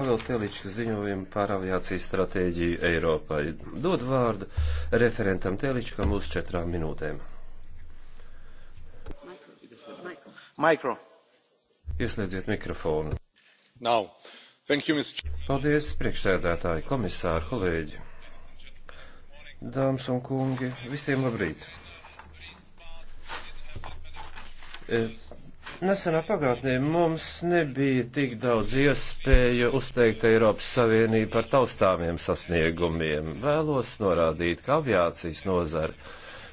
Pavel Teličs ziņojumu par aviācijas stratēģiju Eiropai. Dod vārdu referentam Teličkam uz četrām minūtēm. Mikro. Ieslēdziet mikrofonu. Now. Thank you, Mr. Paldies, priekšsēdētāji, komisāri, kolēģi. Dāmas un kungi, visiem labrīt. E Nesenā pagātnē mums nebija tik daudz iespēju uzteikt Eiropas Savienību par taustāmiem sasniegumiem. Vēlos norādīt, ka aviācijas nozara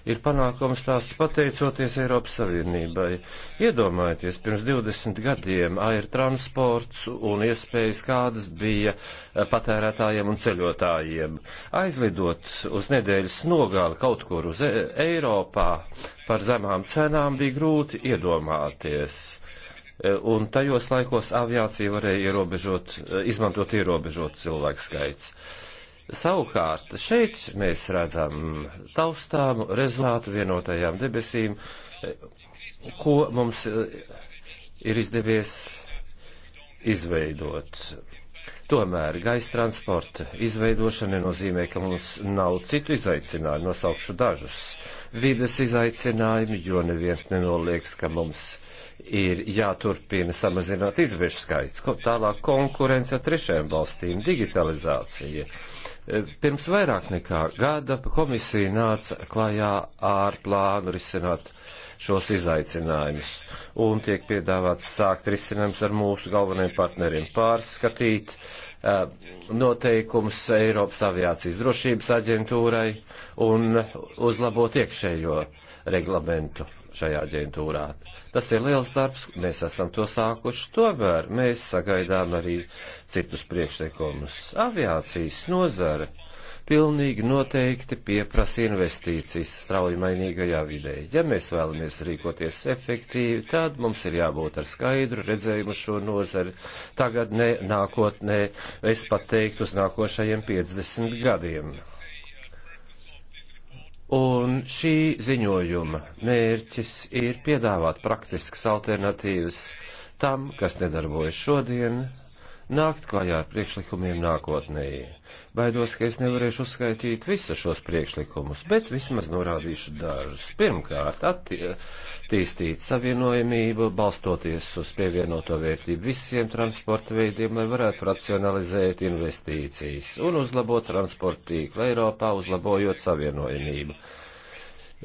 ir panākums tās pateicoties Eiropas Savienībai. Iedomājieties, pirms 20 gadiem air transports un iespējas kādas bija eh, patērētājiem un ceļotājiem. Aizlidot uz nedēļas nogāli kaut kur uz e Eiropā par zemām cenām bija grūti iedomāties eh, un tajos laikos aviācija varēja ierobežot, eh, izmantot ierobežot cilvēku skaits. Savukārt šeit mēs redzam taustāmu rezultātu vienotajām debesīm, ko mums eh, ir izdevies izveidot. Tomēr gaisa transporta izveidošana nenozīmē, ka mums nav citu izaicinājumu, nosaukšu dažus vides izaicinājumu, jo neviens nenolieks, ka mums ir jāturpina samazināt izvešu skaits, tālāk konkurence ar trešajām valstīm, digitalizācija Pirms vairāk nekā gada komisija nāca klajā ar plānu risināt šos izaicinājumus un tiek piedāvāts sākt risinājums ar mūsu galvenajiem partneriem pārskatīt eh, noteikums Eiropas aviācijas drošības aģentūrai un uzlabot iekšējo reglamentu šajā aģentūrā. Tas ir liels darbs, mēs esam to sākuši, tomēr mēs sagaidām arī citus priekšteikumus. Aviācijas nozare pilnīgi noteikti pieprasa investīcijas strauji mainīgajā vidē. Ja mēs vēlamies rīkoties efektīvi, tad mums ir jābūt ar skaidru redzējumu šo nozari tagad, ne nākotnē, es pat teiktu uz nākošajiem 50 gadiem. Un šī ziņojuma mērķis ir piedāvāt praktiskas alternatīvas tam, kas nedarbojas šodien, nākt klajā ar priekšlikumiem nākotnē. Baidos, ka es nevarēšu uzskaitīt visus šos priekšlikumus, bet vismaz norādīšu dažus. Pirmkārt, attīstīt savienojamību, balstoties uz pievienoto vērtību visiem transporta veidiem, lai varētu racionalizēt investīcijas un uzlabot transporta tīklu Eiropā, uzlabojot savienojamību.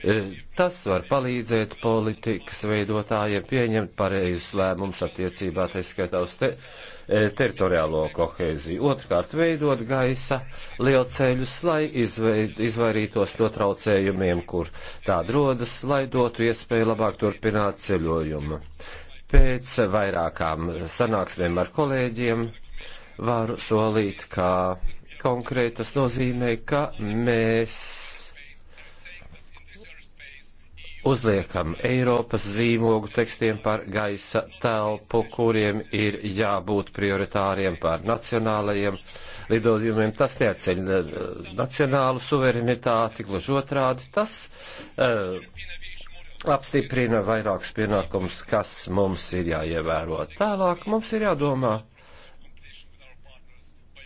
E, tas var palīdzēt politikas veidotājiem pieņemt pareizus lēmumus attiecībā, tā skaitā uz te, e, teritoriālo kohēziju. Otrkārt, veidot gaisa lielceļus, lai izveid, izvairītos no traucējumiem, kur tā rodas, lai dotu iespēju labāk turpināt ceļojumu. Pēc vairākām sanāksmēm ar kolēģiem varu solīt, ka konkrētas nozīmē, ka mēs uzliekam Eiropas zīmogu tekstiem par gaisa telpu, kuriem ir jābūt prioritāriem pār nacionālajiem lidojumiem. Tas neatceļ eh, nacionālu suverenitāti, gluži otrādi. Tas uh, apstiprina vairākus pienākumus, kas mums ir jāievēro. Tālāk mums ir jādomā.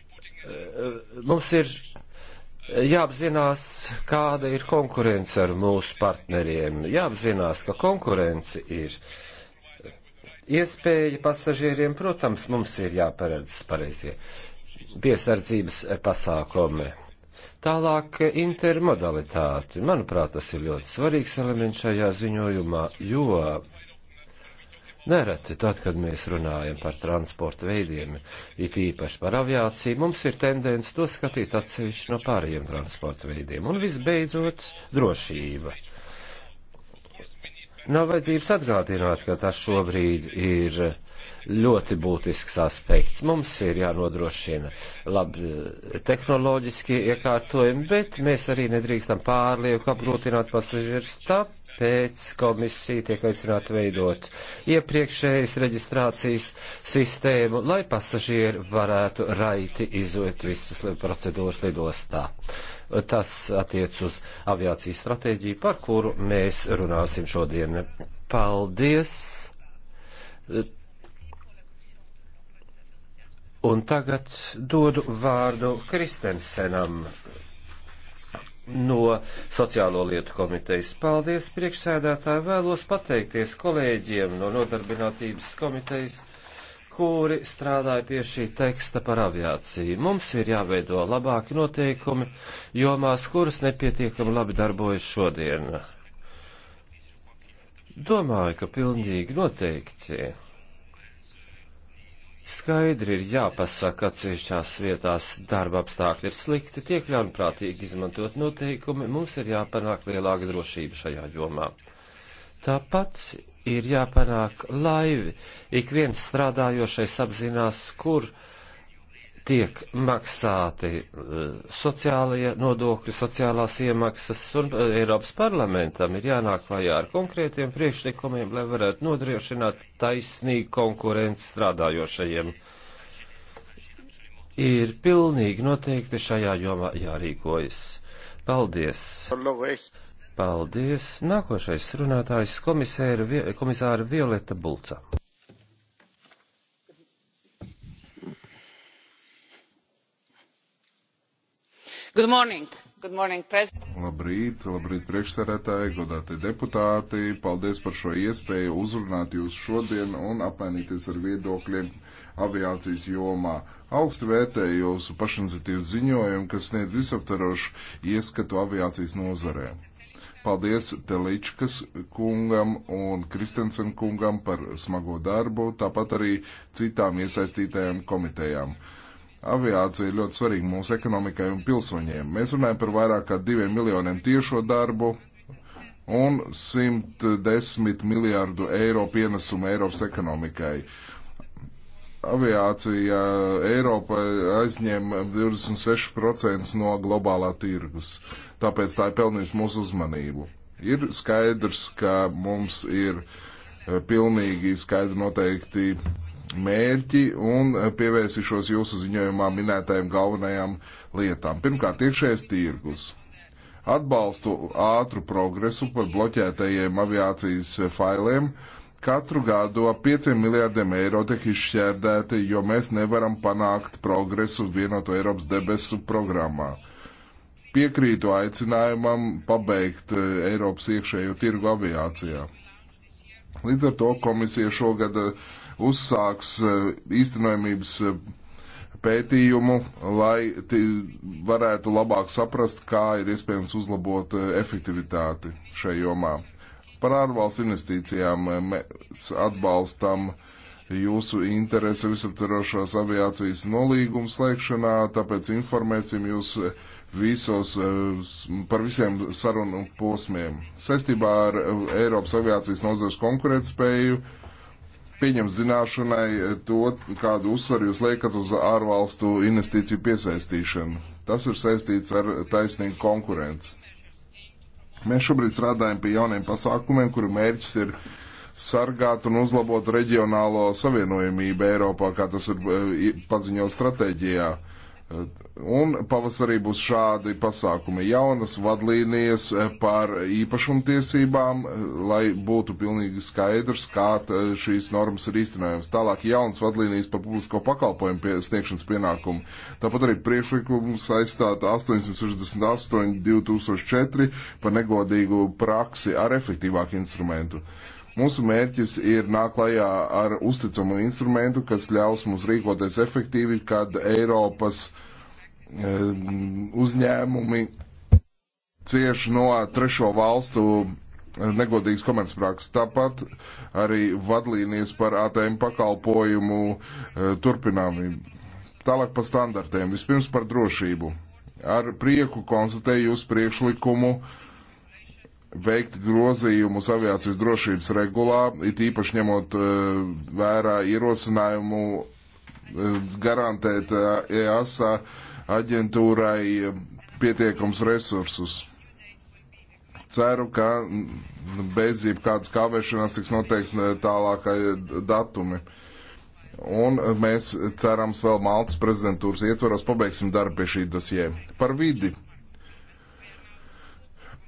Uh, mums ir jāapzinās, kāda ir konkurence ar mūsu partneriem. Jāapzinās, ka konkurence ir iespēja pasažieriem. Protams, mums ir jāparedz pareizie piesardzības pasākumi. Tālāk intermodalitāte. Manuprāt, tas ir ļoti svarīgs elements šajā ziņojumā, jo Nereti tad, kad mēs runājam par transporta veidiem, it īpaši par aviāciju, mums ir tendence to skatīt atsevišķi no pārējiem transporta veidiem. Un visbeidzot, drošība. Nav vajadzības atgādināt, ka tas šobrīd ir ļoti būtisks aspekts. Mums ir jānodrošina labi eh, tehnoloģiskie iekārtojumi, bet mēs arī nedrīkstam pārlieku apgrūtināt pasažierus. Tāpēc kāpēc komisija tiek aicināta veidot iepriekšējas reģistrācijas sistēmu, lai pasažieri varētu raiti izot visas procedūras lidostā. Tas attiec uz aviācijas stratēģiju, par kuru mēs runāsim šodien. Paldies! Un tagad dodu vārdu Kristensenam, no Sociālo lietu komitejas. Paldies, priekšsēdētāji, vēlos pateikties kolēģiem no Nodarbinātības komitejas, kuri strādāja pie šī teksta par aviāciju. Mums ir jāveido labāki noteikumi jomās, kuras nepietiekami labi darbojas šodien. Domāju, ka pilnīgi noteikti Skaidri ir jāpasaka, atsevišķās vietās darba apstākļi ir slikti, tiek ļaunprātīgi izmantot noteikumi, mums ir jāpanāk lielāka drošība šajā jomā. Tāpat ir jāpanāk laivi, ik viens strādājošais apzinās, kur uh, tiek maksāti eh, sociālajie nodokļi, sociālās iemaksas, un eh, Eiropas parlamentam ir jānāk klajā ar konkrētiem priekšlikumiem, lai varētu nodrošināt taisnīgu konkurenci strādājošajiem. Ir pilnīgi noteikti šajā jomā jārīkojas. Paldies! Paldies! Nākošais runātājs komisāra, Vi komisāra Violeta Bulca. Good morning. Good morning, labrīt, labrīt priekšsarētāji, godātie deputāti. Paldies par šo iespēju uzrunāt jūs šodien un apmainīties ar viedokļiem aviācijas jomā. Augstu vērtēju jūsu pašiniciatīvu ziņojumu, kas sniedz visaptarošu ieskatu aviācijas nozarē. Paldies Teličkas kungam un Kristensen kungam par smago darbu, tāpat arī citām iesaistītajām komitejām. Aviācija ir ļoti svarīga mūsu ekonomikai un pilsoņiem. Mēs runājam par vairāk kā diviem miljoniem tiešo darbu un 110 miljārdu eiro pienesumu Eiropas ekonomikai aviācija eh, Eiropa aizņem 26% no globālā tirgus. Tāpēc tā ir pelnījusi mūsu uzmanību. Ir skaidrs, ka mums ir eh, pilnīgi skaidri noteikti mērķi un eh, pievērsīšos jūsu ziņojumā minētajām galvenajām lietām. Pirmkārt, iekšējais tirgus. Atbalstu ātru progresu par bloķētajiem aviācijas failiem. Katru gadu ap 5 miljārdiem eiro tiek izšķērdēti, jo mēs nevaram panākt progresu vienoto Eiropas debesu programmā. Piekrītu aicinājumam pabeigt eh, Eiropas iekšējo tirgu aviācijā. Līdz ar to komisija šogad uh, uzsāks e, īstenojumības e, pētījumu, lai varētu labāk saprast, kā ir iespējams uzlabot e, efektivitāti šai jomā. Par ārvalstu investīcijām mēs atbalstam jūsu interesi visaptverošās aviācijas nolīgums slēgšanā, tāpēc informēsim jūs visos, par visiem sarunu posmiem. Sestībā ar Eiropas aviācijas nozares konkurētspēju pieņem zināšanai eh, to, kādu uzsvaru jūs liekat uz ārvalstu investīciju piesaistīšanu. Tas ir saistīts ar taisnīgu konkurenci. Mēs šobrīd strādājam pie jauniem pasākumiem, kuru mērķis ir sargāt un uzlabot reģionālo savienojumību Eiropā, kā tas ir eh, paziņo stratēģijā. Uh, Un pavasarī būs šādi pasākumi - jaunas vadlīnijas eh, par īpašumtiesībām, eh, lai būtu pilnīgi skaidrs, kā eh, šīs normas ir īstenojams. Tālāk jaunas vadlīnijas par publisko pakalpojumu pie sniegšanas pienākumu. Tāpat arī priekšlikums saistāt 868-2004 par negodīgu praksi ar efektīvāku instrumentu. Mūsu mērķis ir nākt klajā ar uzticamu instrumentu, kas ļaus mums rīkoties efektīvi, kad Eiropas uh, Ehm, uzņēmumi cieši no trešo valstu eh, negodīgas komercprakses. Tāpat arī vadlīnijas par ATM pakalpojumu eh, turpināmību. Tālāk par standartiem. Vispirms par drošību. Ar prieku konstatēju jūsu priekšlikumu veikt grozījumus aviācijas drošības regulā, it īpaši ņemot eh, vērā ierosinājumu garantēt EASA e uh, aģentūrai eh, pietiekums resursus. Ceru, ka mm, bez jebkādas kavēšanās tiks noteikts eh, tālākai eh, datumi. Un mēs cerams vēl Maltas prezidentūras ietvaros pabeigsim darbu pie šī dosie. Par vidi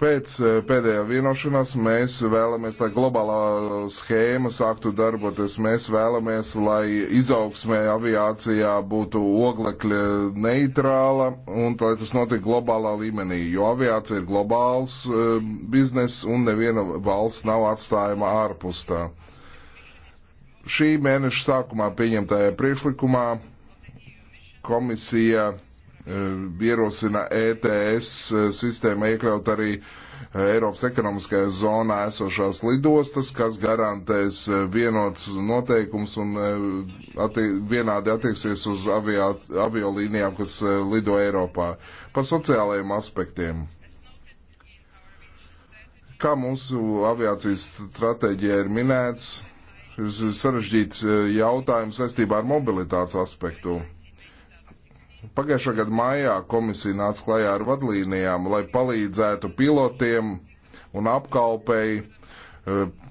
Pēc eh, pēdējā vienošanās mēs vēlamies, lai globālā schēma sāktu darboties. Mēs vēlamies, lai izaugsmē aviācijā būtu oglekļa neitrāla un lai tas notiek globālā līmenī, jo aviācija ir globāls eh, biznes un neviena valsts nav atstājama ārpus tā. Šī mēneša sākumā pieņemtajā priekšlikumā komisija Eh, ierosina ETS eh, sistēmā iekļaut arī eh, Eiropas ekonomiskajā zonā esošās lidostas, kas garantēs vienots noteikums un atti vienādi attieksies uz aviolīnijām, kas lido Eiropā. Par sociālajiem aspektiem. Kā mūsu aviācijas stratēģija ir minēts, ir sarežģīts jautājums saistībā ar mobilitātes aspektu. Pagājušā gada maijā komisija nāca klajā ar vadlīnijām, lai palīdzētu pilotiem un apkalpēji e,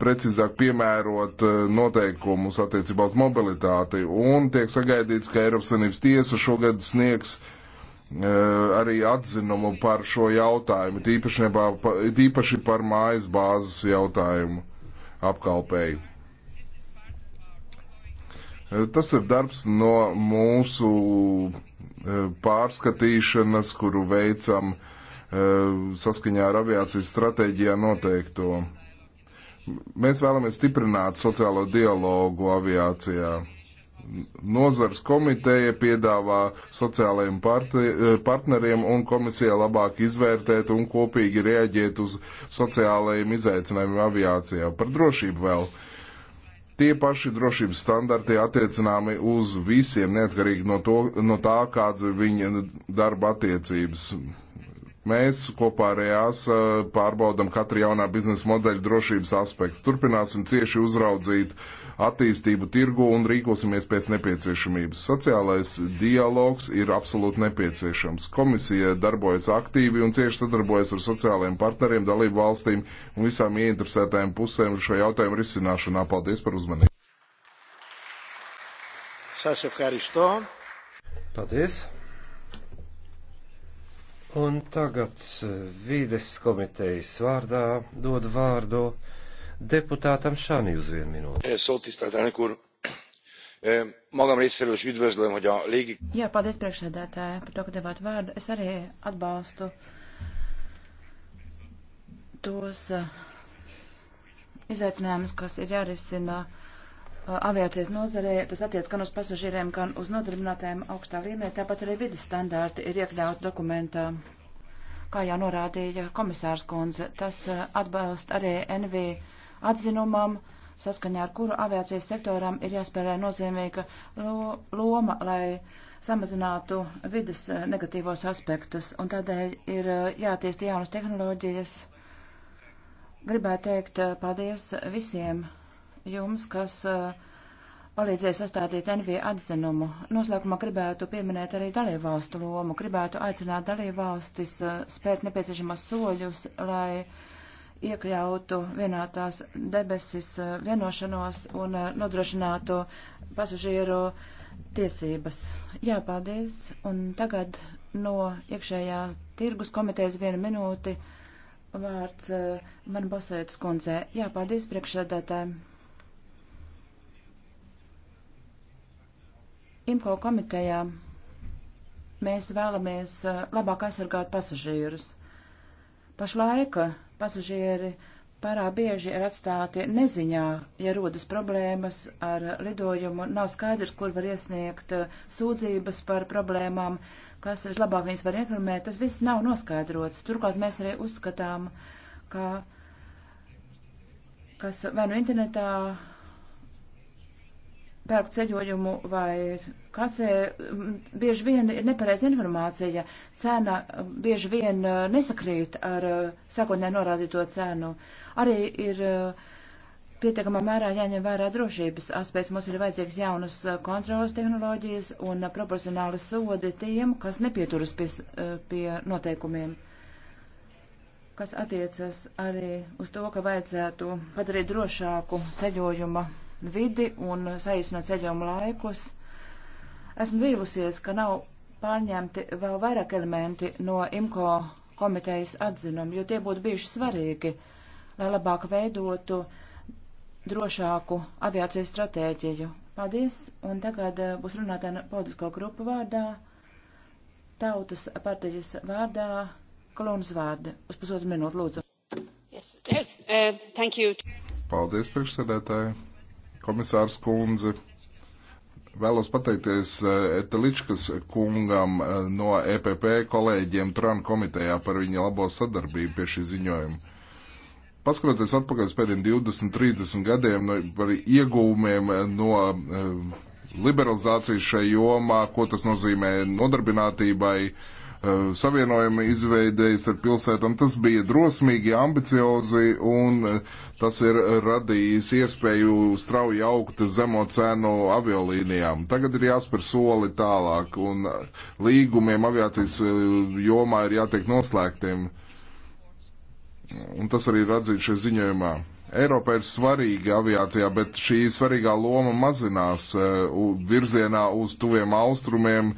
precīzāk piemērot e, noteikumus attiecībā uz mobilitāti. Un tiek sagaidīts, ka Eiropas Savienības tiesa šogad sniegs e, arī atzinumu par šo jautājumu, tīpaši par mājas bāzes jautājumu apkalpēji. Tas ir darbs no mūsu Eh, pārskatīšanas, kuru veicam eh, saskaņā ar aviācijas stratēģijā noteikto. Mēs vēlamies stiprināt sociālo dialogu aviācijā. Nozars komiteja piedāvā sociālajiem eh, partneriem un komisijai labāk izvērtēt un kopīgi rēģēt uz sociālajiem izaicinājumiem aviācijā. Par drošību vēl. Uh, Tie paši drošības standarti attiecināmi uz visiem, neatkarīgi no, to, no tā, kāda ir viņa darba attiecības. Mēs kopā ar EAS pārbaudam katru jaunā biznesa modeļa drošības aspektu. Turpināsim cieši uzraudzīt uh, attīstību tirgu un rīkosimies pēc nepieciešamības. Sociālais dialogs ir absolūti nepieciešams. Komisija darbojas aktīvi un cieši sadarbojas ar sociālajiem partneriem, dalību valstīm un visām ieinteresētajām pusēm šo jautājumu risināšanā. Paldies par uzmanību! Paldies! Un tagad eh, vīdes komitejas vārdā dod vārdu deputátam Sáni uz vienu minūti. Eh, szót tisztelt elnök úr! Eh, magam részéről is üdvözlöm, hogy a légi... Jā, paldies priekšsēdētāji par to, ka devāt vārdu. Es arī atbalstu tos eh, izaicinājumus, kas ir jārisina aviācijas nozarē. Tas attiec gan uz pasažieriem, gan uz nodarbinātājiem augstā līmenī. Tāpat arī vidas standārti ir iekļauti dokumentā kā jau norādīja komisārs kundze, tas atbalst arī NV atzinumam, saskaņā ar kuru aviācijas sektoram ir jāspēlē nozīmīga loma, lai samazinātu vidas eh, negatīvos aspektus, un tādēļ ir eh, jātīst jaunas tehnoloģijas. Gribētu teikt eh, paldies visiem jums, kas uh, palīdzēja sastādīt NV atzinumu. Noslēgumā gribētu pieminēt arī dalībvalstu lomu. Gribētu aicināt dalībvalstis spērt nepieciešamos soļus, lai iekļautu vienā tās debesis eh, vienošanos un eh, nodrošinātu pasažieru tiesības. Jā, paldies. Un tagad no iekšējā tirgus komitejas viena minūte vārds man eh, Bosētas kundzē. Jā, paldies priekšsēdētājiem. IMCO komitejā mēs vēlamies labāk aizsargāt pasažierus. Pašlaika pasažieri pārāk bieži ir atstāti neziņā, ja rodas problēmas ar lidojumu, nav skaidrs, kur var iesniegt eh, sūdzības par problēmām, kas vislabāk viņas var informēt, tas viss nav noskaidrots. Turklāt mēs arī uzskatām, ka kas vai nu internetā pērk ceļojumu vai kasē, bieži vien ir nepareiza informācija. Cena bieži vien e, nesakrīt ar e, sākotnē norādīto cenu. Arī ir e, pietiekamā mērā jāņem vērā drošības aspekts. Mums ir vajadzīgs jaunas kontrolas tehnoloģijas un proporcionāli sodi tiem, kas nepieturas pie, pie noteikumiem kas attiecas arī uz to, ka vajadzētu padarīt drošāku ceļojuma vidi un saīsināt ceļojumu laikus. Esmu vīlusies, ka nav pārņemti vēl vairāk elementi no IMCO komitejas atzinuma, jo tie būtu bijuši svarīgi, lai labāk veidotu drošāku aviācijas stratēģiju. Paldies, un tagad eh, būs runātāja politisko grupu vārdā, tautas partijas vārdā, kolonas vārda. Uz pusotru minūtu, lūdzu. Yes, yes, uh, thank you. Paldies, priekšsēdētāji komisārs kundze. Vēlos pateikties Eteličkas eh, kungam eh, no EPP kolēģiem Tran komitejā par viņa labo sadarbību pie šī ziņojuma. Paskatoties atpakaļ uz pēdējiem 20, 30 gadiem no, par iegūmiem eh, no liberalizācijas šajā jomā, ko tas nozīmē nodarbinātībai, uh, Eh, savienojuma izveidējis ar pilsētām. Tas bija drosmīgi, ambiciozi un eh, tas ir radījis iespēju strauji augt zemo cenu aviolīnijām. Tagad ir jāspēr soli tālāk un eh, līgumiem aviācijas jomā ir jātiek noslēgtiem. Un tas arī ir atzīts šajā ziņojumā. Eiropai ir svarīga aviācijā, bet šī svarīgā loma mazinās e, virzienā uz tuviem austrumiem,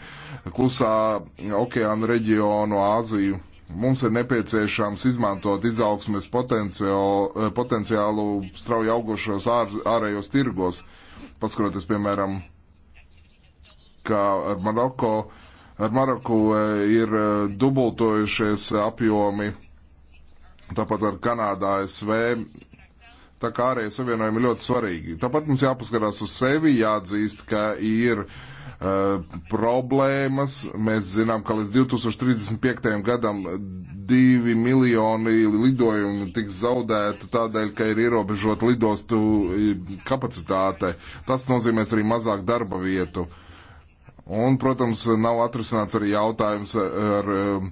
klusā okeāna reģionu, Āziju. Mums ir nepieciešams izmantot izaugsmes potenciālu, e, potenciālu strauji augošos ār, ārējos tirgos. Paskatoties, piemēram, kā ar Maroko, ar Maroku e, ir dubultojušies apjomi, tāpat ar Kanādā, SV Tā kā ārējie savienojumi ir ļoti svarīgi. Tāpat mums jāpaskatās uz sevi, jāatzīst, ka ir uh, problēmas. Mēs zinām, ka līdz 2035. gadam divi miljoni lidojumu tiks zaudēti tādēļ, ka ir ierobežota lidostu eh, kapacitāte. Tas nozīmēs arī mazāk darba vietu. Un, protams, nav atrisināts arī jautājums ar uh,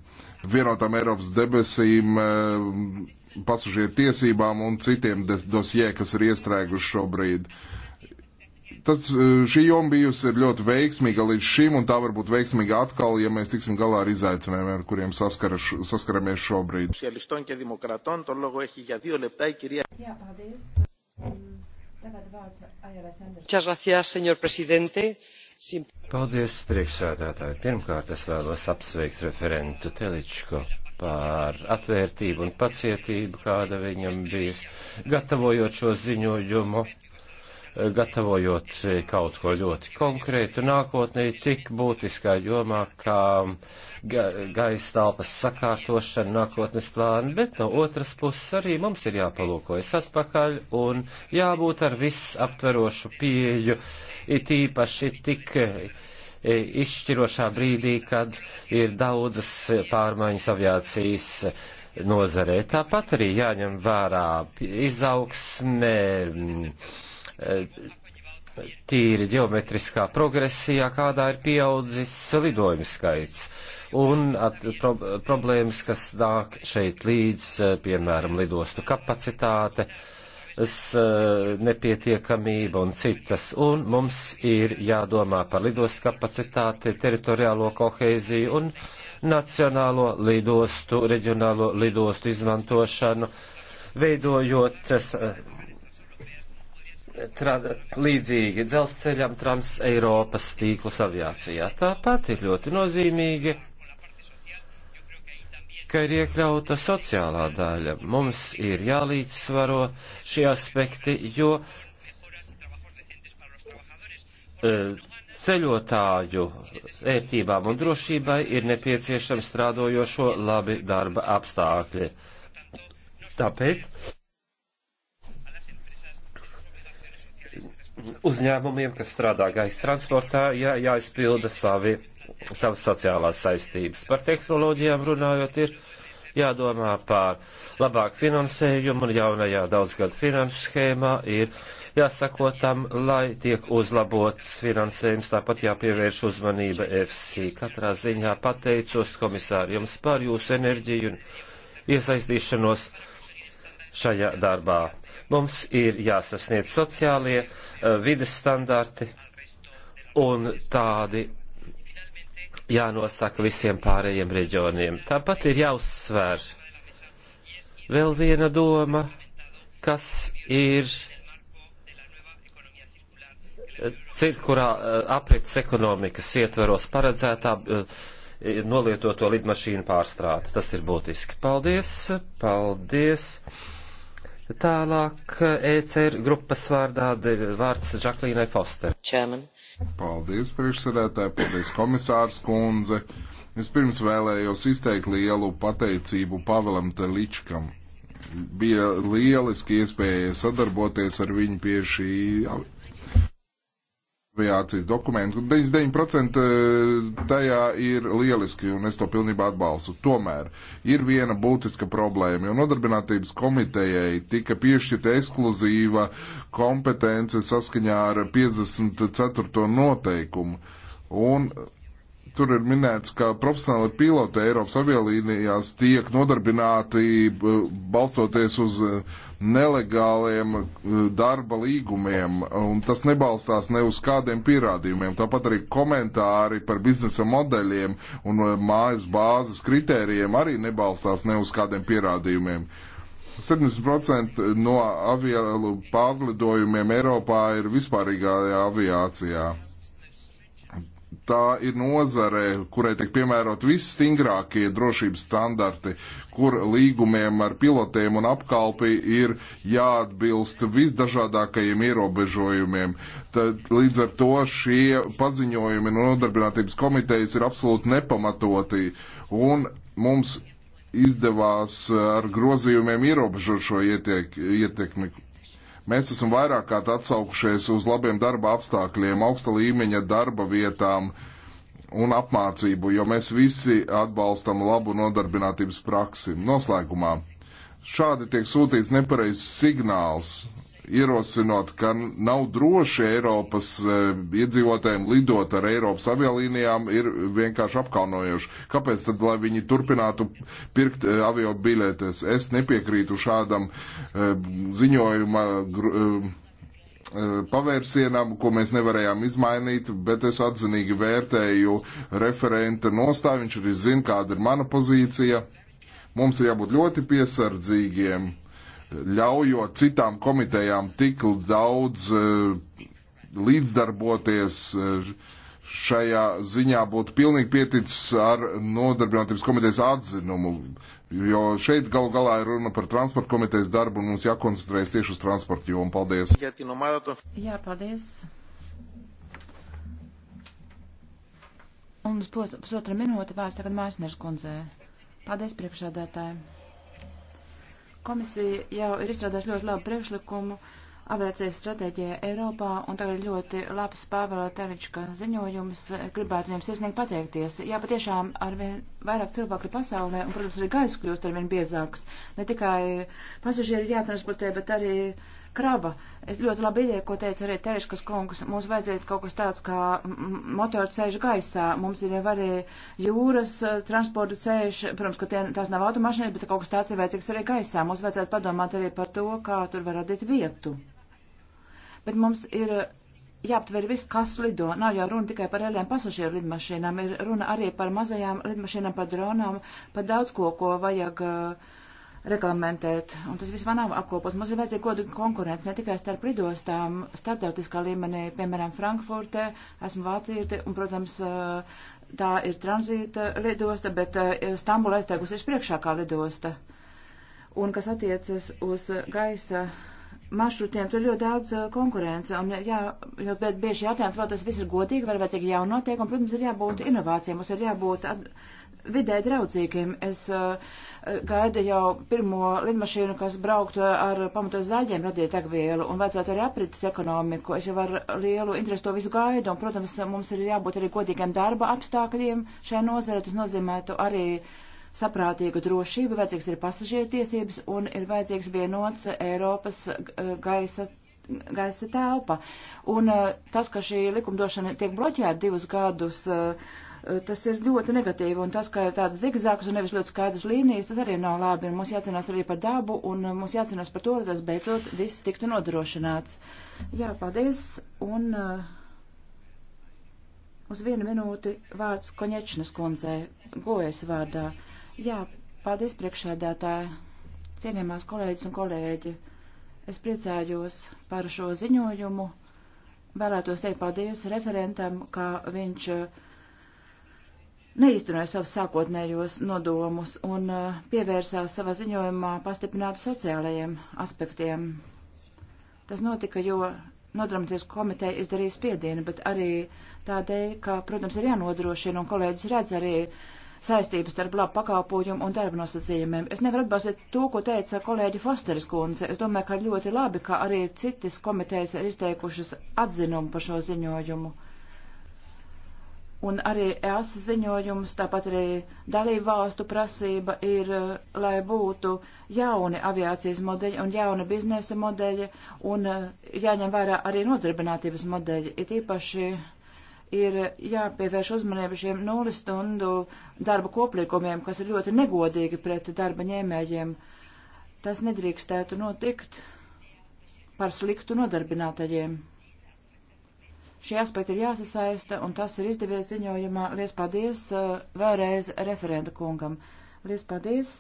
vienotām Eiropas debesīm. Uh, pasažieru tiesībām un citiem dosjē, kas ir iestrēguši šobrīd. Tas, e, šī joma bijusi ļoti veiksmīga līdz šim, un tā var būt veiksmīga atkal, ja mēs tiksim galā ar izaicinājumiem, ar kuriem saskaras, saskaramies šobrīd. Jā, paldies. Muchas gracias, señor presidente. Paldies, priekšsēdētāji. Pirmkārt, es vēlos apsveikt referentu Teličko par atvērtību un pacietību, kāda viņam bijis, gatavojot šo ziņojumu, gatavojot kaut ko ļoti konkrētu nākotnē, tik būtiskā jomā, kā ga gaisa telpas sakārtošana, nākotnes plāni, bet no otras puses arī mums ir jāpalūkojas atpakaļ un jābūt ar visaptverošu pieju, it īpaši tik E, izšķirošā brīdī, kad ir daudzas pārmaiņas aviācijas nozarē. Tāpat arī jāņem vērā izaugsme, e, tīri ģeometriskā progresijā, kādā ir pieaudzis lidojumu skaits un at, pro, problēmas, kas nāk šeit līdz, e, piemēram, lidostu kapacitāte. Uh, Eh, nepietiekamība un citas. Un mums ir jādomā par lidostu kapacitāti, teritoriālo koheiziju un nacionālo lidostu, reģionālo lidostu izmantošanu, veidojot eh, tra, līdzīgi dzelzceļam Trans-Eiropas tīklus aviācijā. Tāpat ir ļoti nozīmīgi ka ir iekļauta sociālā daļa. Mums ir jālīdzsvaro šie aspekti, jo e, ceļotāju ērtībām un drošībai ir nepieciešams strādojošo labi darba apstākļi. Tāpēc uzņēmumiem, kas strādā gaisa transportā, jā, jāizpilda savi savas sociālās saistības. Par tehnoloģijām runājot, ir jādomā par labāku finansējumu un jaunajā daudzgadu finanšu schēmā ir jāsako tam, lai tiek uzlabots finansējums, tāpat jāpievērš uzmanība FC. Katrā ziņā pateicos komisāriem par jūsu enerģiju un iesaistīšanos šajā darbā. Mums ir jāsasniedz sociālie, eh, vides standarti un tādi jānosaka visiem pārējiem reģioniem. Tāpat ir jāuzsver vēl viena doma, kas ir cirkurā eh, aprits ekonomikas ietveros paredzētā eh, nolietoto lidmašīnu pārstrāde. Tas ir būtiski. Paldies! Paldies! Tālāk ECR eh, e grupas vārdā vārds Žaklīnai Foster. Chairman. Paldies, priekšsarētāji, paldies, komisārs kundze. Es pirms vēlējos izteikt lielu pateicību Pavelam Teličkam. Bija lieliski iespēja sadarboties ar viņu pie šī aviācijas dokumentu. 99% eh, tajā ir lieliski, un es to pilnībā atbalstu. Tomēr ir viena būtiska problēma, jo nodarbinātības komitejai tika piešķirta ekskluzīva kompetence saskaņā ar 54. noteikumu. Un Tur ir minēts, ka profesionāli piloti Eiropas avialīnijās tiek nodarbināti eh, balstoties uz eh, nelegāliem eh, darba līgumiem, un tas nebalstās ne uz kādiem pierādījumiem. Tāpat arī komentāri par biznesa modeļiem un mājas bāzes kritērijiem arī nebalstās ne uz kādiem pierādījumiem. 70% no aviālu pārlidojumiem Eiropā ir vispārīgā aviācijā tā ir nozare, kurai tiek piemērot visstingrākie drošības standarti, kur līgumiem ar pilotiem un apkalpi ir jāatbilst visdažādākajiem ierobežojumiem. Tad, līdz ar to šie paziņojumi no nodarbinātības komitejas ir absolūti nepamatoti, un mums izdevās ar grozījumiem ierobežot šo ietekmi. Mēs esam vairāk kārt atsaukušies uz labiem darba apstākļiem, augsta līmeņa darba vietām un apmācību, jo mēs visi atbalstam labu nodarbinātības praksi. Noslēgumā šādi tiek sūtīts nepareizs signāls ierosinot, ka nav droši Eiropas e, iedzīvotājiem lidot ar Eiropas aviolīnijām, ir vienkārši apkaunojoši. Kāpēc tad, lai viņi turpinātu pirkt e, avio biļetes? Es nepiekrītu šādam e, ziņojuma pavērsienam, ko mēs nevarējām izmainīt, bet es atzinīgi vērtēju referenta nostāju, viņš arī zina, kāda ir mana pozīcija. Mums ir jābūt ļoti piesardzīgiem ļaujot citām komitejām tik daudz e, līdzdarboties e, šajā ziņā, būtu pilnīgi pieticis ar nodarbinātības komitejas atzinumu. Jo šeit galu galā ir runa par transporta komitejas darbu un mums jākoncentrējas tieši uz transporta jomu. Paldies! Jā, paldies! Un uz pusotra minūte vairs tagad mājas neskundzē. Paldies priekšādātājiem! Komisija jau ir izstrādājusi ļoti labu priekšlikumu aviācijas stratēģijai Eiropā, un tagad ļoti labs Pāvela Telička ziņojums. Eh, gribētu jums iesniegt pateikties. Jā, patiešām arvien vairāk cilvēku ir pasaulē, un, protams, arī gaisa kļūst arvien biezāks. Ne tikai pasažieri ir jātransportē, bet arī krava. Es ļoti labi ideju, ko teica arī Tereškas kungs. Mums vajadzētu kaut kas tāds kā motoru ceļš gaisā. Mums ir jau arī jūras eh, transporta ceļš. Protams, ka tie, tās nav automašīnas, bet kaut kas tāds ir vajadzīgs arī gaisā. Mums vajadzētu padomāt arī par to, kā tur var radīt vietu. Bet mums ir jāaptver viss, kas lido. Nav jau runa tikai par reāliem pasažieru lidmašīnām, ir runa arī par mazajām lidmašīnām, par dronām, par daudz ko, ko vajag uh, reglamentēt. Un tas viss nav apkopos. Mums ir vajadzīga godīga konkurence ne tikai starp lidostām, starptautiskā līmenī, piemēram, Frankfurtē, esmu vācieti, un, protams, uh, tā ir tranzīta lidosta, bet uh, Stambula aizteikusies priekšā kā lidosta. Un kas attiecas uz gaisa. Uh, maršrutiem tur ļoti daudz eh, konkurence, un jā, ļoti bieži jautājums, vai tas viss ir godīgi, vai vajadzīgi jaunu noteikumu, protams, ir jābūt inovācijām, mums ir jābūt at, vidē draudzīgiem. Es uh, gaidu jau pirmo lidmašīnu, kas brauktu eh, ar pamatot zaļiem radītagvielu, un vajadzētu arī apritis ekonomiku. Es jau ar lielu interesi to visu gaidu, un, protams, mums ir jābūt arī godīgiem darba apstākļiem šajā nozarē, tas nozīmētu arī. Uh, saprātīgu drošību, vajadzīgs ir pasažieru tiesības un ir vajadzīgs vienots Eiropas eh, gaisa gaisa telpa. Un uh, tas, ka šī likumdošana tiek bloķēta divus gadus, uh, tas ir ļoti negatīvi, un tas, ka ir tāds zigzags un nevis ļoti skaidrs līnijas, tas arī nav labi, un mums jācinās arī par dabu, un mums jācinās par to, lai tas beidzot viss tiktu nodrošināts. Jā, paldies, un uh, uz vienu minūti vārds Koņečnas kundzei, gojas vārdā. Uh, Jā, paldies priekšsēdētāji, cienījamās kolēģis un kolēģi. Es priecājos par šo ziņojumu. Vēlētos teikt paldies referentam, ka viņš eh, neizturēja savus sākotnējos nodomus un eh, pievērsās savā ziņojumā pastiprināt sociālajiem aspektiem. Tas notika, jo Nodarbinātības komiteja izdarīja spiedienu, bet arī tādēļ, ka, protams, ir jānodrošina, un kolēģis redz arī uh, saistības starp labu pakāpojumu un darba nosacījumiem. Es nevaru atbalstīt to, ko teica kolēģi Fosteris kundze. Es domāju, ka ļoti labi, ka arī citas komitejas ir izteikušas atzinumu par šo ziņojumu. Un arī EAS ziņojums, tāpat arī dalību valstu prasība ir, eh, lai būtu jauni aviācijas modeļi un jauni biznesa modeļi un eh, jāņem vērā arī nodarbinātības modeļi. Ir īpaši ir jāpievērš uzmanība šiem nulles stundu darba koplīkumiem, kas ir ļoti negodīgi pret darba ņēmējiem. Tas nedrīkstētu notikt par sliktu nodarbinātajiem. Šie aspekti ir jāsasaista, un tas ir izdevies ziņojumā. Lies paldies uh, vēlreiz referenta kungam. Lies paldies.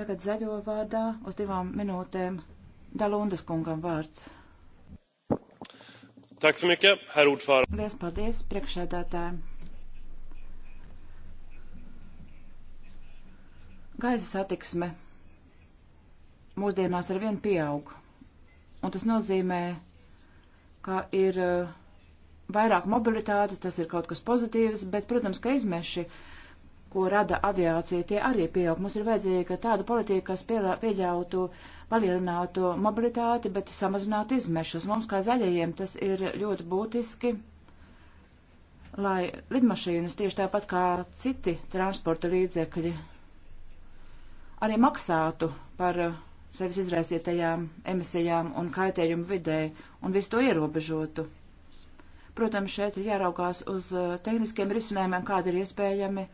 Tagad zaļo vārdā uz divām minūtēm Dalundas kungam vārds. Liels paldies, priekšsēdētājiem! Gaisa satiksme mūsdienās ar vienu pieaug, un tas nozīmē, ka ir eh, vairāk mobilitātes, tas ir kaut kas pozitīvs, bet, protams, ka izmeši ko rada aviācija, tie arī pieaug. Mums ir vajadzīga tāda politika, kas pieļautu uh, palielinātu mobilitāti, bet samazinātu izmešus. Mums kā zaļajiem tas ir ļoti būtiski, lai lidmašīnas tieši tāpat kā citi transporta līdzekļi arī maksātu par sevis izraisītajām emisijām un kaitējumu vidē un visu to ierobežotu. Protams, šeit ir jāraugās uz tehniskiem risinājumiem, kādi ir iespējami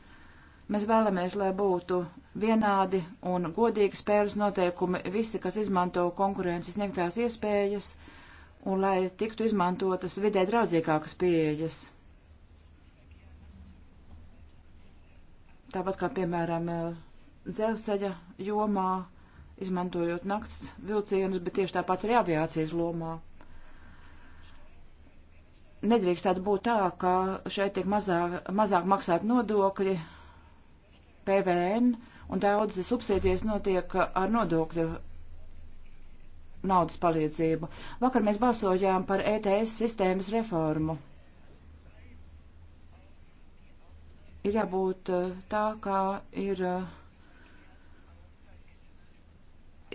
Mēs vēlamies, lai būtu vienādi un godīgi spēles noteikumi visi, kas izmanto konkurences sniegtās iespējas, un lai tiktu izmantotas vidē draudzīgākas pieejas. Tāpat kā, piemēram, dzelzceļa jomā, izmantojot nakts vilcienus, bet tieši tāpat arī aviācijas lomā nedrīkstētu būt tā, ka šeit tiek mazāk, mazāk maksāt nodokļi PVN un daudz subsīdijas notiek ar nodokļu naudas palīdzību. Vakar mēs balsojām par ETS sistēmas reformu. Ir jābūt eh, tā, kā ir, eh,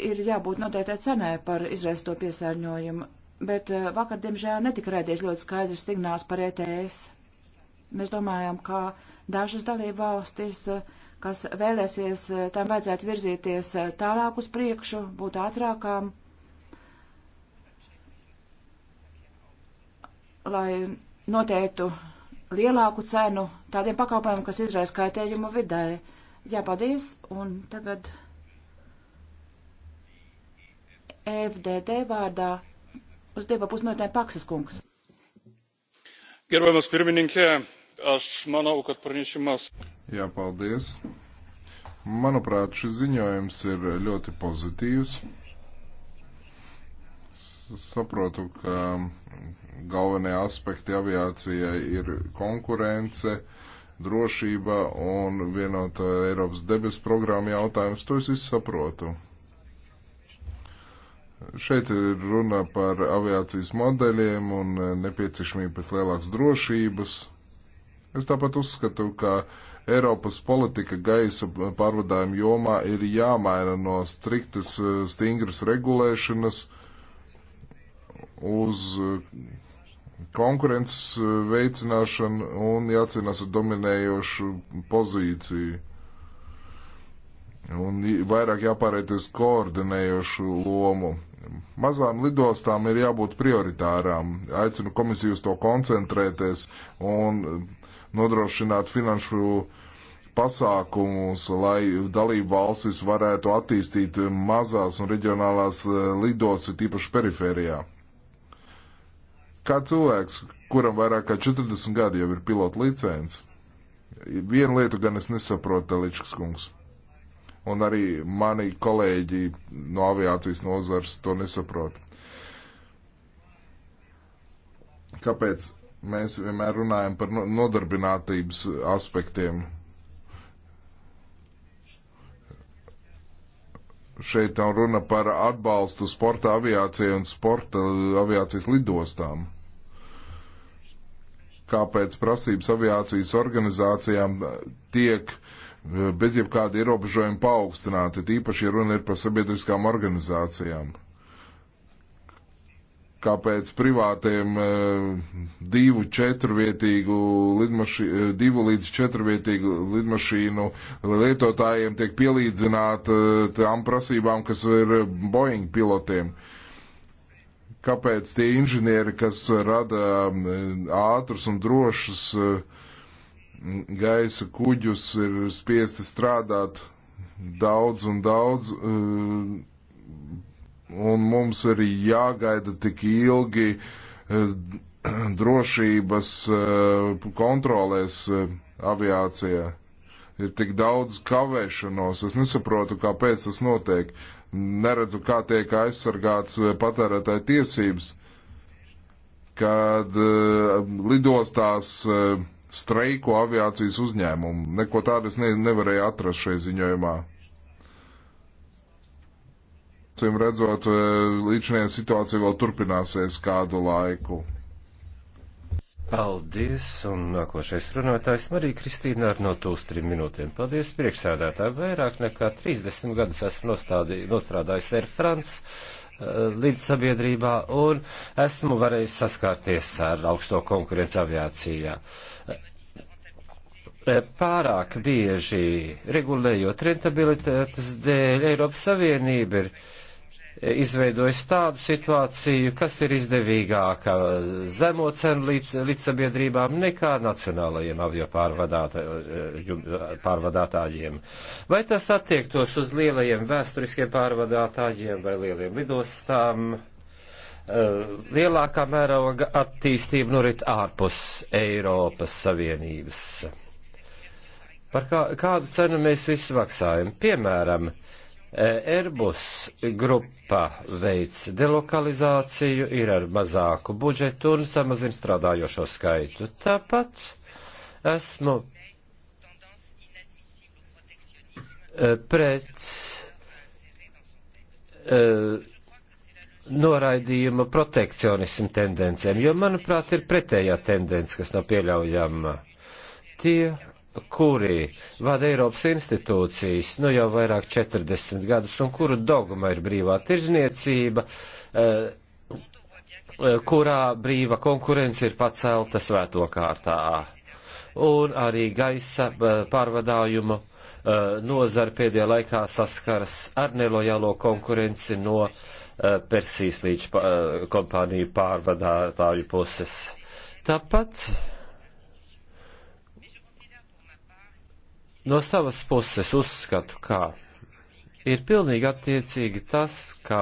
ir jābūt noteiktai cenai par izraisto piesārņojumu, bet eh, vakar, diemžēl, netika rēdies ļoti skaidrs signāls par ETS. Mēs domājam, ka dažas dalība valstis uh, kas vēlēsies, eh, tām vajadzētu virzīties eh, tālāk uz priekšu, būt ātrākām, lai noteiktu lielāku cenu tādiem pakalpojumiem, kas izraisa kaitējumu vidē. Jā, paldies, un tagad FDD vārdā uz divu pusminūtēm Paksas kungs. Gerbamas pirmininkē, Aš manau, ka pranešimas. Jā, paldies. Manuprāt, šis ziņojums ir ļoti pozitīvs. Saprotu, ka galvenie aspekti aviācijai ir konkurence, drošība un vienota Eiropas debes programma jautājums. To es visu saprotu. Šeit ir runa par aviācijas modeļiem un nepieciešamību pēc lielākas drošības Es tāpat uzskatu, ka Eiropas politika gaisa pārvadājuma jomā ir jāmaina no striktas, eh, stingras regulēšanas uz eh, konkurences eh, veicināšanu un jācīnās ar dominējošu pozīciju. Un vairāk jāpārēt uz koordinējošu lomu. Mazām lidostām ir jābūt prioritārām. Aicinu komisiju uz to koncentrēties un nodrošināt finanšu pasākumus, lai dalību valstis varētu attīstīt mazās un reģionālās eh, lidotas, tīpaši perifērijā. Kā cilvēks, kuram vairāk kā 40 gadi jau ir pilota licence, vienu lietu gan es nesaprotu, Teličkas kungs. Un arī mani kolēģi no aviācijas nozars to nesaprot. Kāpēc Mēs vienmēr runājam par nodarbinātības aspektiem. Šeit nav runa par atbalstu sporta aviācijai un sporta aviācijas lidostām kāpēc prasības aviācijas organizācijām tiek bez jebkāda ierobežojuma paaugstināti, tīpaši, ja runa ir par sabiedriskām organizācijām kāpēc privātiem e, divu, vietīgu lidmaši, e, divu līdz četru vietīgu lidmašīnu lietotājiem tiek pielīdzināta e, tām prasībām, kas ir Boeing pilotiem. Kāpēc tie inženieri, kas rada ātrus un drošus gaisa kuģus, ir spiesti strādāt daudz un daudz. Uh, un mums ir jāgaida tik ilgi eh, drošības eh, kontrolēs eh, aviācijā. Ir tik daudz kavēšanos, es nesaprotu, kāpēc tas notiek. Neredzu, kā tiek aizsargāts patērētāja tiesības, kad lidostās streiku aviācijas uzņēmumu. Neko tādu es ne, nevarēju atrast šajā ziņojumā acīm redzot, eh, līdzinājā situācija vēl turpināsies kādu laiku. Paldies, un nākošais runātājs Marija Kristīna ar no tūs trim minūtēm. Paldies, priekšsēdētāji, vairāk nekā 30 gadus esmu nostādi, nostrādājis Air France eh, līdz sabiedrībā, un esmu varējis saskārties ar augsto konkurenci aviācijā eh, pārāk bieži regulējot rentabilitātes dēļ, Eiropas Savienība ir izveidojas tādu situāciju, kas ir izdevīgāka zemo cenu līdz, līdz sabiedrībām nekā nacionālajiem avio pārvadātājiem. Vai tas attiektos uz lielajiem vēsturiskiem pārvadātājiem vai lieliem lidostām? Eh, lielākā mēroga attīstība norit ārpus Eiropas Savienības. Par kā, kādu cenu mēs visu maksājam? Piemēram, uh, Airbus grupa veids delokalizāciju, ir ar mazāku budžetu un samazina strādājošo skaitu. Tāpat esmu e, pret e, noraidījuma protekcionismu tendencēm, jo, manuprāt, ir pretējā tendence, kas nav pieļaujama. Tie kuri vada Eiropas institūcijas, nu jau vairāk 40 gadus, un kuru dogma ir brīvā tirzniecība, eh, eh, kurā brīva konkurence ir pacelta svēto kārtā, un arī gaisa eh, pārvadājumu nozara pēdējā laikā saskaras ar nelojālo konkurenci no Persijas līdz kompāniju pārvadātāju puses. Tāpat No savas puses uzskatu, ka ir pilnīgi attiecīgi tas, ka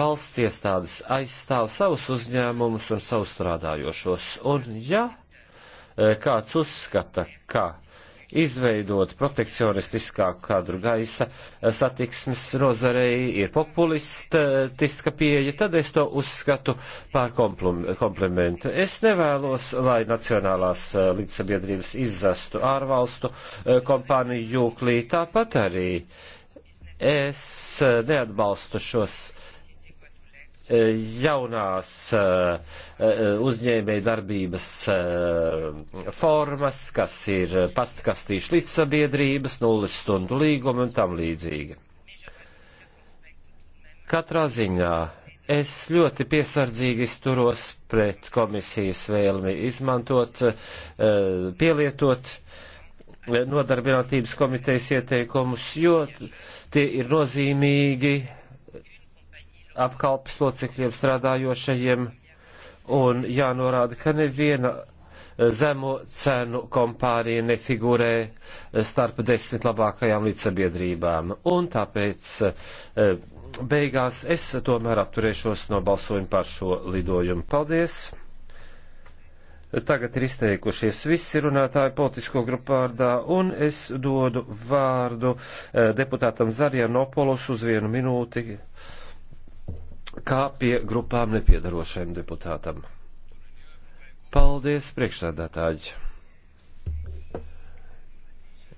valsts iestādes aizstāv savus uzņēmumus un savus strādājošos. Un ja eh, kāds uzskata, ka izveidot protekcionistiskāku kadru gaisa eh, satiksmes rozarei, ir populistiska pieeja, tad es to uzskatu par komplementu. Es nevēlos, lai nacionālās eh, līdzsabiedrības izzastu ārvalstu eh, kompāniju jūklī, tāpat arī es neatbalstu šos E, jaunās e, e, uzņēmēja darbības formas, kas ir pastkastīšu līdzsabiedrības, nulles stundu līguma un tam līdzīgi. Katrā ziņā es ļoti piesardzīgi izturos pret komisijas vēlmi izmantot, pielietot nodarbinātības komitejas ieteikumus, jo tie ir nozīmīgi apkalpes locekļiem strādājošajiem un jānorāda, ka neviena eh, zemu cenu kompārija nefigurē eh, starp desmit labākajām līdzsabiedrībām. Un tāpēc eh, beigās es tomēr apturēšos no balsojuma par šo lidojumu. Paldies! Tagad ir izteikušies visi runātāji politisko grupu vārdā, un es dodu vārdu deputātam Zarianopolus uz vienu minūti kā pie grupām nepiedarošajam deputātam. Paldies, priekšsēdētāji!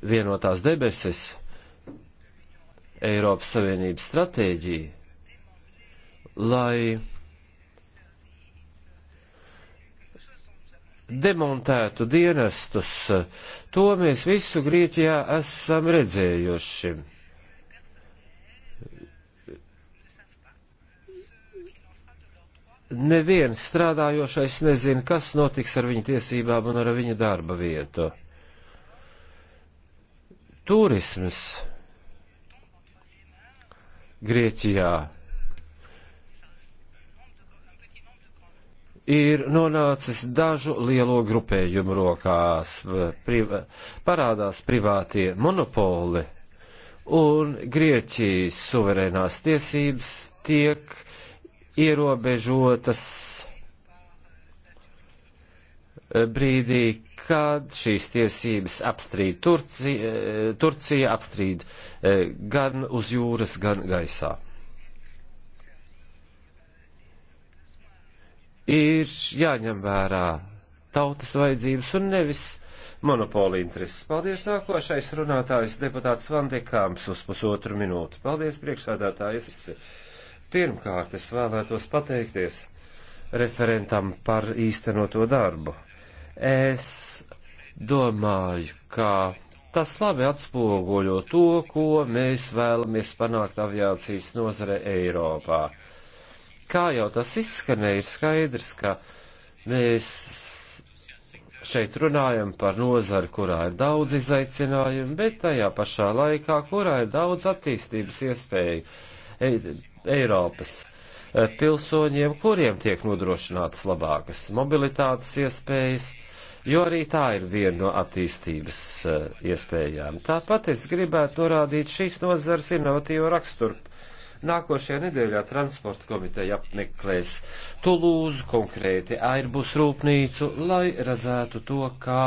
Vienotās debesis, Eiropas Savienības stratēģija, lai demontētu dienestus, to mēs visu Grieķijā esam redzējuši. neviens strādājošais nezina, kas notiks ar viņa tiesībām un ar viņa darba vietu. Turisms Grieķijā ir nonācis dažu lielo grupējumu rokās, priv parādās privātie monopoli, un Grieķijas suverēnās tiesības tiek ierobežotas brīdī, kad šīs tiesības apstrīd Turcija, eh, Turcija apstrīd eh, gan uz jūras, gan gaisā. Ir jāņem vērā tautas vajadzības un nevis monopola intereses. Paldies nākošais runātājs deputāts Vandekāms uz pusotru minūtu. Paldies priekšsādātājs. Es Pirmkārt, es vēlētos pateikties referentam par īstenoto darbu. Es domāju, ka tas labi atspoguļo to, ko mēs vēlamies panākt aviācijas nozare Eiropā. Kā jau tas izskanēja, ir skaidrs, ka mēs šeit runājam par nozari, kurā ir daudz izaicinājumu, bet tajā pašā laikā, kurā ir daudz attīstības iespēju. Eiropas eh, pilsoņiem, kuriem tiek nodrošinātas labākas mobilitātes iespējas, jo arī tā ir viena no attīstības eh, iespējām. Tāpat es gribētu norādīt šīs nozars inovatīvo raksturu. Nākošajā nedēļā transporta komiteja apmeklēs Tulūzu, konkrēti Airbus rūpnīcu, lai redzētu to, kā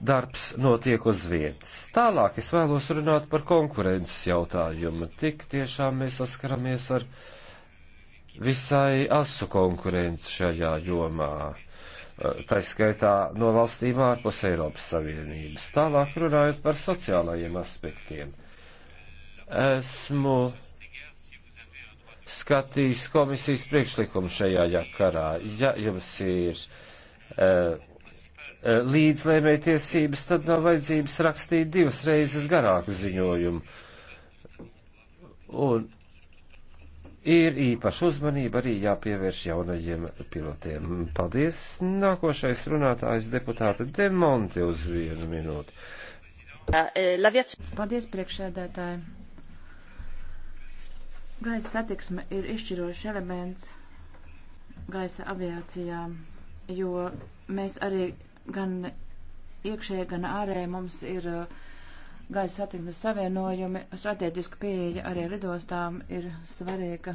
darbs notiek uz vietas. Tālāk es vēlos runāt par konkurences jautājumu. Tik tiešām mēs saskaramies ar visai asu konkurenci šajā jomā. Tā skaitā no valstīm ārpus Eiropas Savienības. Tālāk runājot par sociālajiem aspektiem. Esmu skatījis komisijas priekšlikumu šajā jakarā. Ja jums ir uh, Eh, līdzlēmēja tiesības, tad nav vajadzības rakstīt divas reizes garāku ziņojumu. Un ir īpaši uzmanība arī jāpievērš jaunajiem pilotiem. Paldies! Nākošais runātājs deputāta Demonte uz vienu minūti. Eh, Paldies, priekšsēdētāji! Gaisa satiksme ir izšķirošs elements gaisa aviācijā, jo mēs arī gan iekšēji, gan ārēji mums ir uh, gaisa satiksmes savienojumi. Strateģiska pieeja arī lidostām ir svarīga.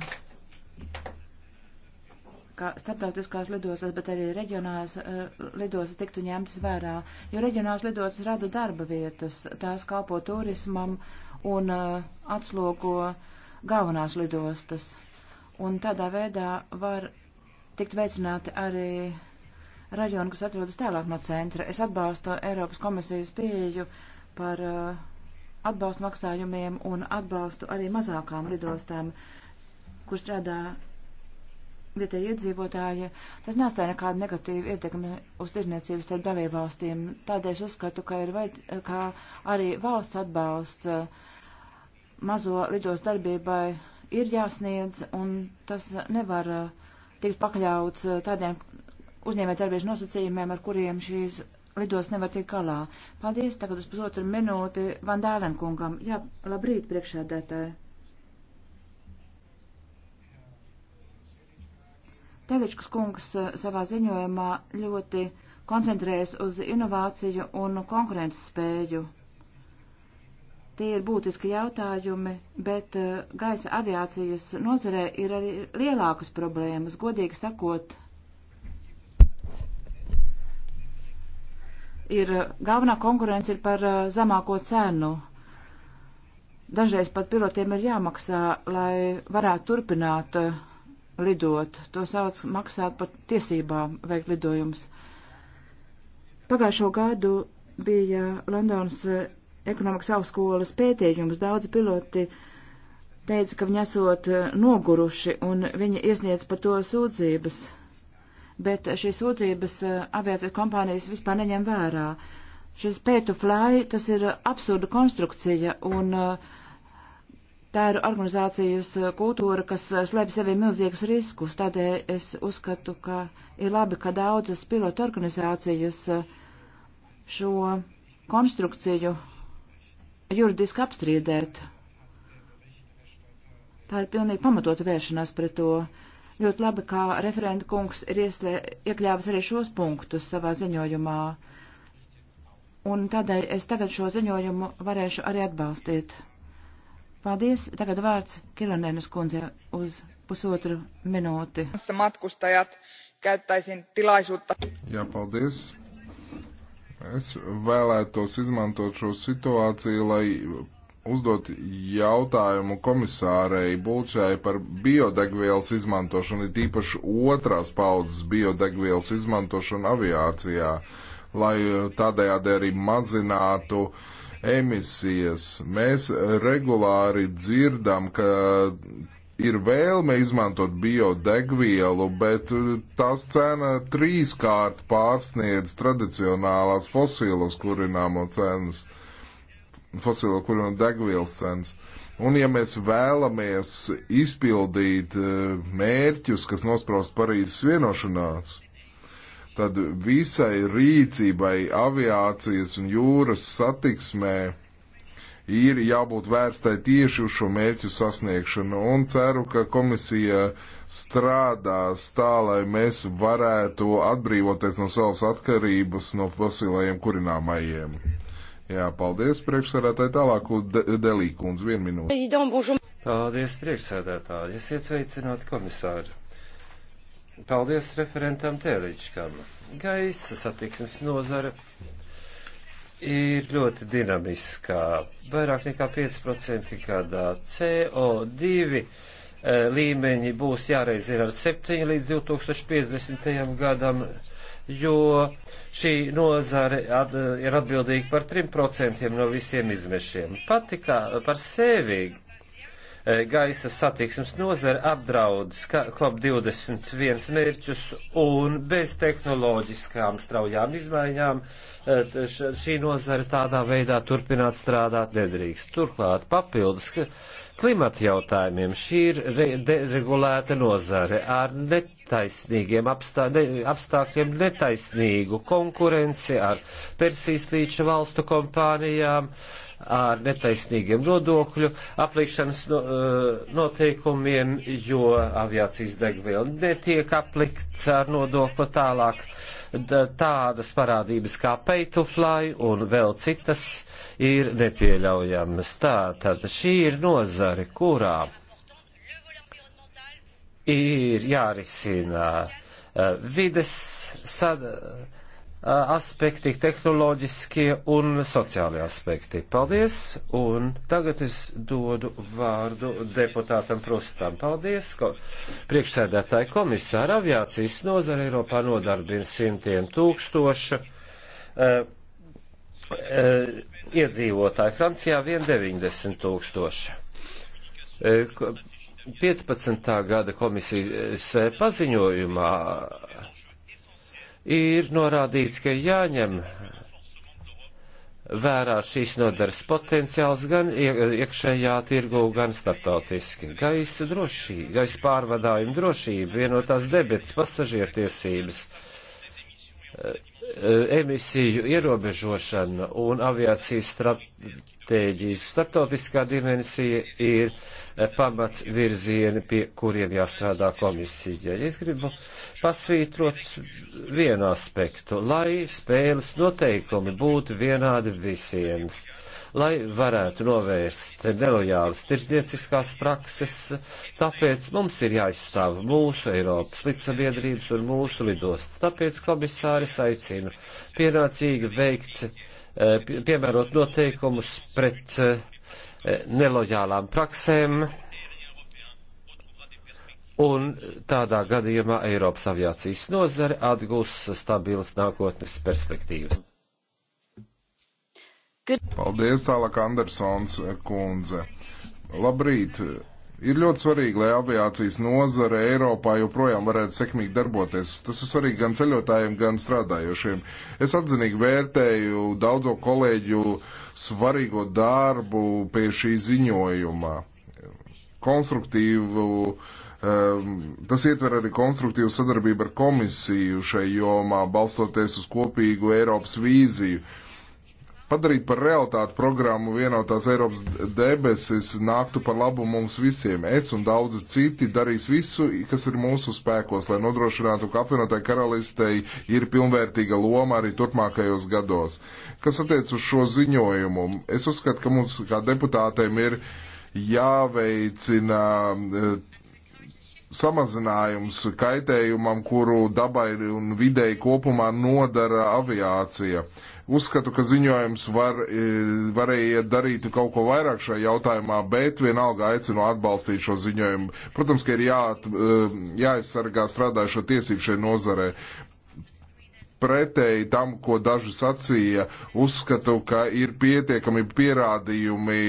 Kā starptautiskās lidostas, bet arī reģionālās uh, lidostas tiktu ņemtas vērā, jo reģionālās lidostas rada darba vietas, tās kalpo turismam un uh, atslogo galvenās lidostas. Un tādā veidā var tikt veicināti arī rajonu, kas atrodas tālāk no centra. Es atbalstu Eiropas komisijas pieeju par uh, atbalstu maksājumiem un atbalstu arī mazākām lidostām, kur strādā vietēji iedzīvotāji. Tas nestāja nekādu negatīvu ietekmi uz tirniecības starp dalībvalstīm. Tādēļ es uzskatu, ka ir vajad, kā arī valsts atbalsts uh, mazo lidos darbībai ir jāsniedz, un tas nevar uh, tikt pakļauts uh, tādiem uzņēmējdarbības nosacījumiem, ar kuriem šīs lidos nevar tikt galā. Paldies, tagad uz pusotru minūti Vandālenkungam. Jā, labrīt, priekšādētāji. Teličkas kungs eh, savā ziņojumā ļoti koncentrējas uz inovāciju un konkurences spēju. Tie ir būtiski jautājumi, bet eh, gaisa aviācijas nozarē ir arī lielākas problēmas, godīgi sakot, ir galvenā konkurence ir par eh, zemāko cenu. Dažreiz pat pilotiem ir jāmaksā, lai varētu turpināt eh, lidot. To sauc maksāt par tiesībām veikt lidojumus. Pagājušo gadu bija Londonas eh, ekonomikas augstskolas pētījums. Daudzi piloti teica, ka viņi esot noguruši un viņi iesniedz par to sūdzības bet šīs sūdzības eh, aviācijas kompānijas vispār neņem vērā. Šis pay to fly, tas ir absurda konstrukcija un eh, tā ir organizācijas eh, kultūra, kas slēpj sevī milzīgus riskus. Tādēļ es uzskatu, ka ir labi, ka daudzas pilotu organizācijas šo konstrukciju juridiski apstrīdēt. Tā ir pilnīgi pamatota vēršanās pret to. Ļoti labi, kā referenta kungs ir ieslē, iekļāvis arī šos punktus savā ziņojumā. Un tādēļ es tagad šo ziņojumu varēšu arī atbalstīt. Paldies. Tagad vārds Kilonēnas kundze uz pusotru minūti. Matkustajat käyttäisin tilaisuutta. Jā, paldies. Es vēlētos izmantot šo situāciju, lai uzdot jautājumu komisārei Bulčai par biodegvielas izmantošanu, it īpaši otrās paudzes biodegvielas izmantošanu aviācijā, lai tādējādi arī mazinātu emisijas. Mēs regulāri dzirdam, ka ir vēlme izmantot biodegvielu, bet tās cena trīskārt pārsniedz tradicionālās fosīlos kurināmo cenas fosilo kurināmu degvielas cenas. Un ja mēs vēlamies izpildīt e, mērķus, kas nospraust Parīzes vienošanās, tad visai rīcībai aviācijas un jūras satiksmē ir jābūt vērstai tieši uz šo mērķu sasniegšanu, un ceru, ka komisija strādās tā, lai mēs varētu atbrīvoties no savas atkarības no fosilajiem kurināmajiem. Jā, paldies priekšsēdētāji tālāk, de Delīkundz, vienu minūti. Paldies priekšsēdētāji, esiet sveicināti komisāri. Paldies referentam Tēliņškam. Gaisa satiksmes nozara ir ļoti dinamiskā, vairāk nekā 5% gadā CO2 eh, līmeņi būs jāreizina ar 7 līdz 2050. gadam jo šī nozare at, ir atbildīga par 3% no visiem izmešiem. Pati kā par sevi e, gaisa satiksmes nozare apdraud COP21 mērķus un bez tehnoloģiskām straujām izmaiņām e, šī nozare tādā veidā turpināt strādāt nedrīkst. Turklāt papildus klimata jautājumiem. Šī ir deregulēta nozare ar netaisnīgiem apstā, ne, apstākļiem, netaisnīgu konkurenci ar Persijas līča valstu kompānijām, uh, ar netaisnīgiem nodokļu aplikšanas eh, noteikumiem, jo aviācijas degviela netiek aplikts ar nodokli tālāk. Tādas parādības kā peituflai un vēl citas ir nepieļaujamas. Tātad šī ir nozare, kurā ir jārisina eh, vides sad aspekti, tehnoloģiskie un sociālie aspekti. Paldies, un tagad es dodu vārdu deputātam Prustam. Paldies, ko priekšsēdētāji komisāra aviācijas nozara Eiropā nodarbina simtiem tūkstošu. Uh, uh, iedzīvotāji Francijā vien 90 tūkstoši. Uh, 15. gada komisijas paziņojumā ir norādīts, ka jāņem vērā šīs nodars potenciāls gan iekšējā tirgu, gan starptautiski. Gaisa drošība, gaisa pārvadājuma drošība, vienotās debets, pasažiertiesības, eh, eh, emisiju ierobežošana un aviācijas strap stratēģijas. Startautiskā dimensija ir eh, pamats virzieni, pie kuriem jāstrādā komisija. Es gribu pasvītrot vienu aspektu, lai spēles noteikumi būtu vienādi visiem lai varētu novērst nelojālas tirdznieciskās prakses, tāpēc mums ir jāizstāv mūsu Eiropas līdzsabiedrības un mūsu lidosts. Tāpēc komisāris aicinu pienācīgi veikt Eh, piemērot noteikumus pret eh, nelojālām praksēm, un tādā gadījumā Eiropas aviācijas nozare atgūs stabilas nākotnes perspektīvas. Good. Paldies, tālāk Andersons eh, kundze. Labrīt! Ir ļoti svarīgi, lai aviācijas nozare Eiropā joprojām varētu sekmīgi darboties. Tas ir svarīgi gan ceļotājiem, gan strādājošiem. Es atzinīgi vērtēju daudzo kolēģu svarīgo darbu pie šī ziņojuma. Konstruktīvu, um, tas ietver arī konstruktīvu sadarbību ar komisiju šai jomā, balstoties uz kopīgu Eiropas vīziju. Uh, padarīt par realitāti programmu vienotās Eiropas debesis nāktu par labu mums visiem. Es un daudzi citi darīs visu, kas ir mūsu spēkos, lai nodrošinātu, ka apvienotai karalistei ir pilnvērtīga loma arī turpmākajos gados. Kas attiec uz šo ziņojumu, es uzskatu, ka mums kā deputātēm ir jāveicina eh, samazinājums kaitējumam, kuru dabai un videi kopumā nodara aviācija. Uh, Uzskatu, ka ziņojums var, e, varēja darīt kaut ko vairāk šajā jautājumā, bet vienalga aicinu atbalstīt šo ziņojumu. Protams, ka ir jāat, e, jāaizsargā strādājušo tiesību šajā nozarē. Pretēji tam, ko daži sacīja, uzskatu, ka ir pietiekami pierādījumi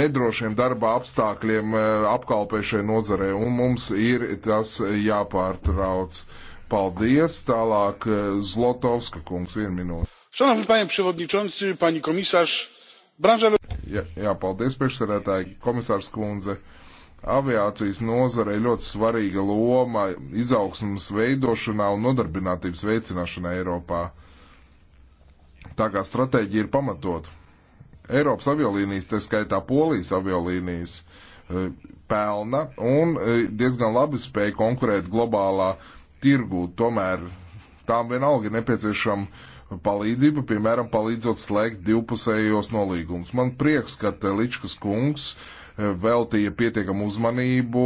nedrošiem darba apstākļiem e, apkalpēšai nozarē, un mums ir tas jāpārtrauc. Paldies, tālāk Zlotovska kungs, vienu minūti panie przewodniczący pani komisarz! jā paldies priekšsēdētāji komisārs kundze. aviācijas nozarei ļoti svarīga loma izaugsmes veidošanā un nodarbinātības veicināšanā eiropā. tā kā stratēģija ir pamatota. Eiropas aviolīnijas, tā skaitā Polijas aviolīnijas, e, pelna un e, diezgan labi spēja konkurēt globālā tirgū. Tomēr tām vienalga ir nepieciešama palīdzību, piemēram, palīdzot slēgt divpusējos nolīgumus. Man prieks, ka Ličkas kungs eh, veltīja pietiekamu uzmanību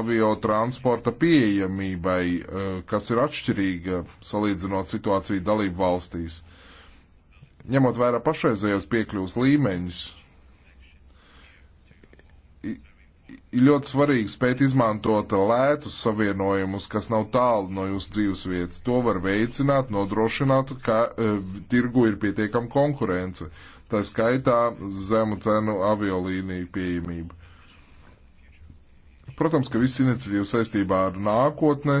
avio transporta pieejamībai, eh, kas ir atšķirīga salīdzinot situāciju dalību valstīs. Ņemot vērā pašreizējos piekļuvas līmeņus, ir ļoti svarīgi spēt izmantot lētus savienojumus, kas nav tālu no jūsu dzīves vietas. To var veicināt, nodrošināt, ka e, tirgu ir pietiekama konkurence. Tā skaitā zemu cenu aviolīniju pieejamība. Protams, ka viss iniciatīvas saistībā ar nākotne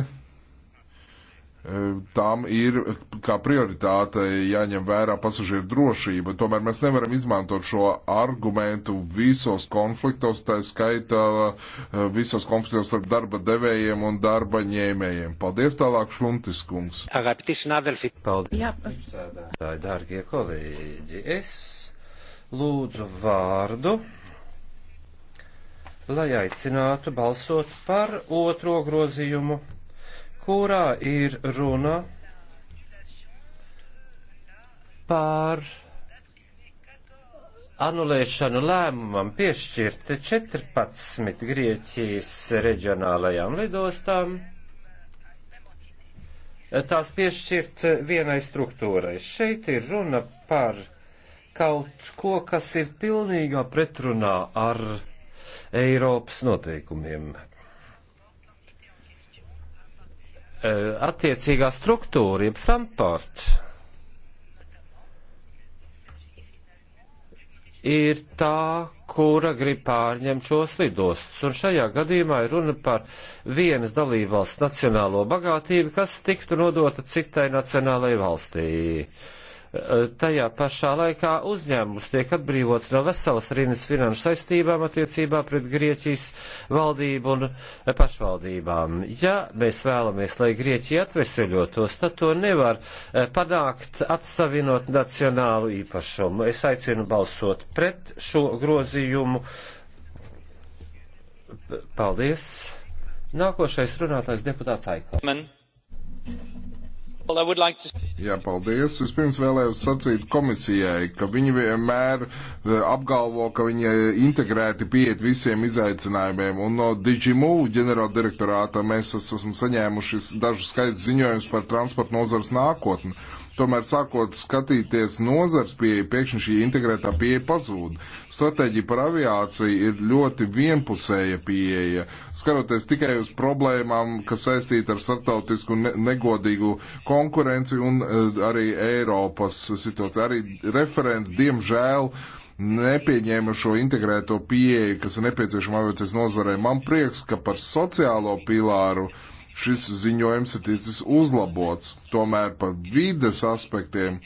E, Tām ir kā prioritāte jāņem vērā pasažieru drošība. Tomēr mēs nevaram izmantot šo argumentu visos konfliktos, tā skaitā e, visos konfliktos ar darba devējiem un darba ņēmējiem. Paldies tālāk, Šuntis kungs. Paldies. Jā. Dārgie kolēģi, es lūdzu vārdu lai aicinātu balsot par otro grozījumu kurā ir runa par anulēšanu lēmumam piešķirt 14 Grieķijas reģionālajām lidostām, tās piešķirt vienai struktūrai. Šeit ir runa par kaut ko, kas ir pilnīgā pretrunā ar Eiropas noteikumiem. E, attiecīgā struktūra, jeb Framport, ir tā, kura grib pārņemt šos lidostus. Un šajā gadījumā ir runa par vienas dalībvalsts nacionālo bagātību, kas tiktu nodota citai nacionālajai valstī. Uh, tajā pašā laikā uzņēmums tiek atbrīvots no veselas rindas finanšu saistībām attiecībā pret Grieķijas valdību un pašvaldībām. Ja mēs vēlamies, lai Grieķija atveseļotos, tad to nevar eh, panākt atsavinot nacionālu īpašumu. Es aicinu balsot pret šo grozījumu. Paldies! Nākošais runātājs deputāts Aiko. Man. Jā, paldies. Vispirms vēlējos sacīt komisijai, ka viņi vienmēr e, apgalvo, ka viņi e, integrēti pieiet visiem izaicinājumiem. Un no Digimū ģenerāla direktorāta mēs esam saņēmuši dažus skaidrs ziņojumus par transporta nozars nākotni. Tomēr, sākot skatīties nozars pieeja, pēkšņi šī integrētā pieeja pazūd. Stratēģija par aviāciju ir ļoti vienpusēja pieeja, skaroties tikai uz problēmām, kas saistīta ar starptautisku negodīgu konkurenci un eh, arī Eiropas situāciju. Arī referents, diemžēl, nepieņēma šo integrēto pieeju, kas ir nepieciešama aviācijas nozarei. Man prieks, ka par sociālo pilāru uh, šis ziņojums ir ticis uzlabots. Tomēr par vides aspektiem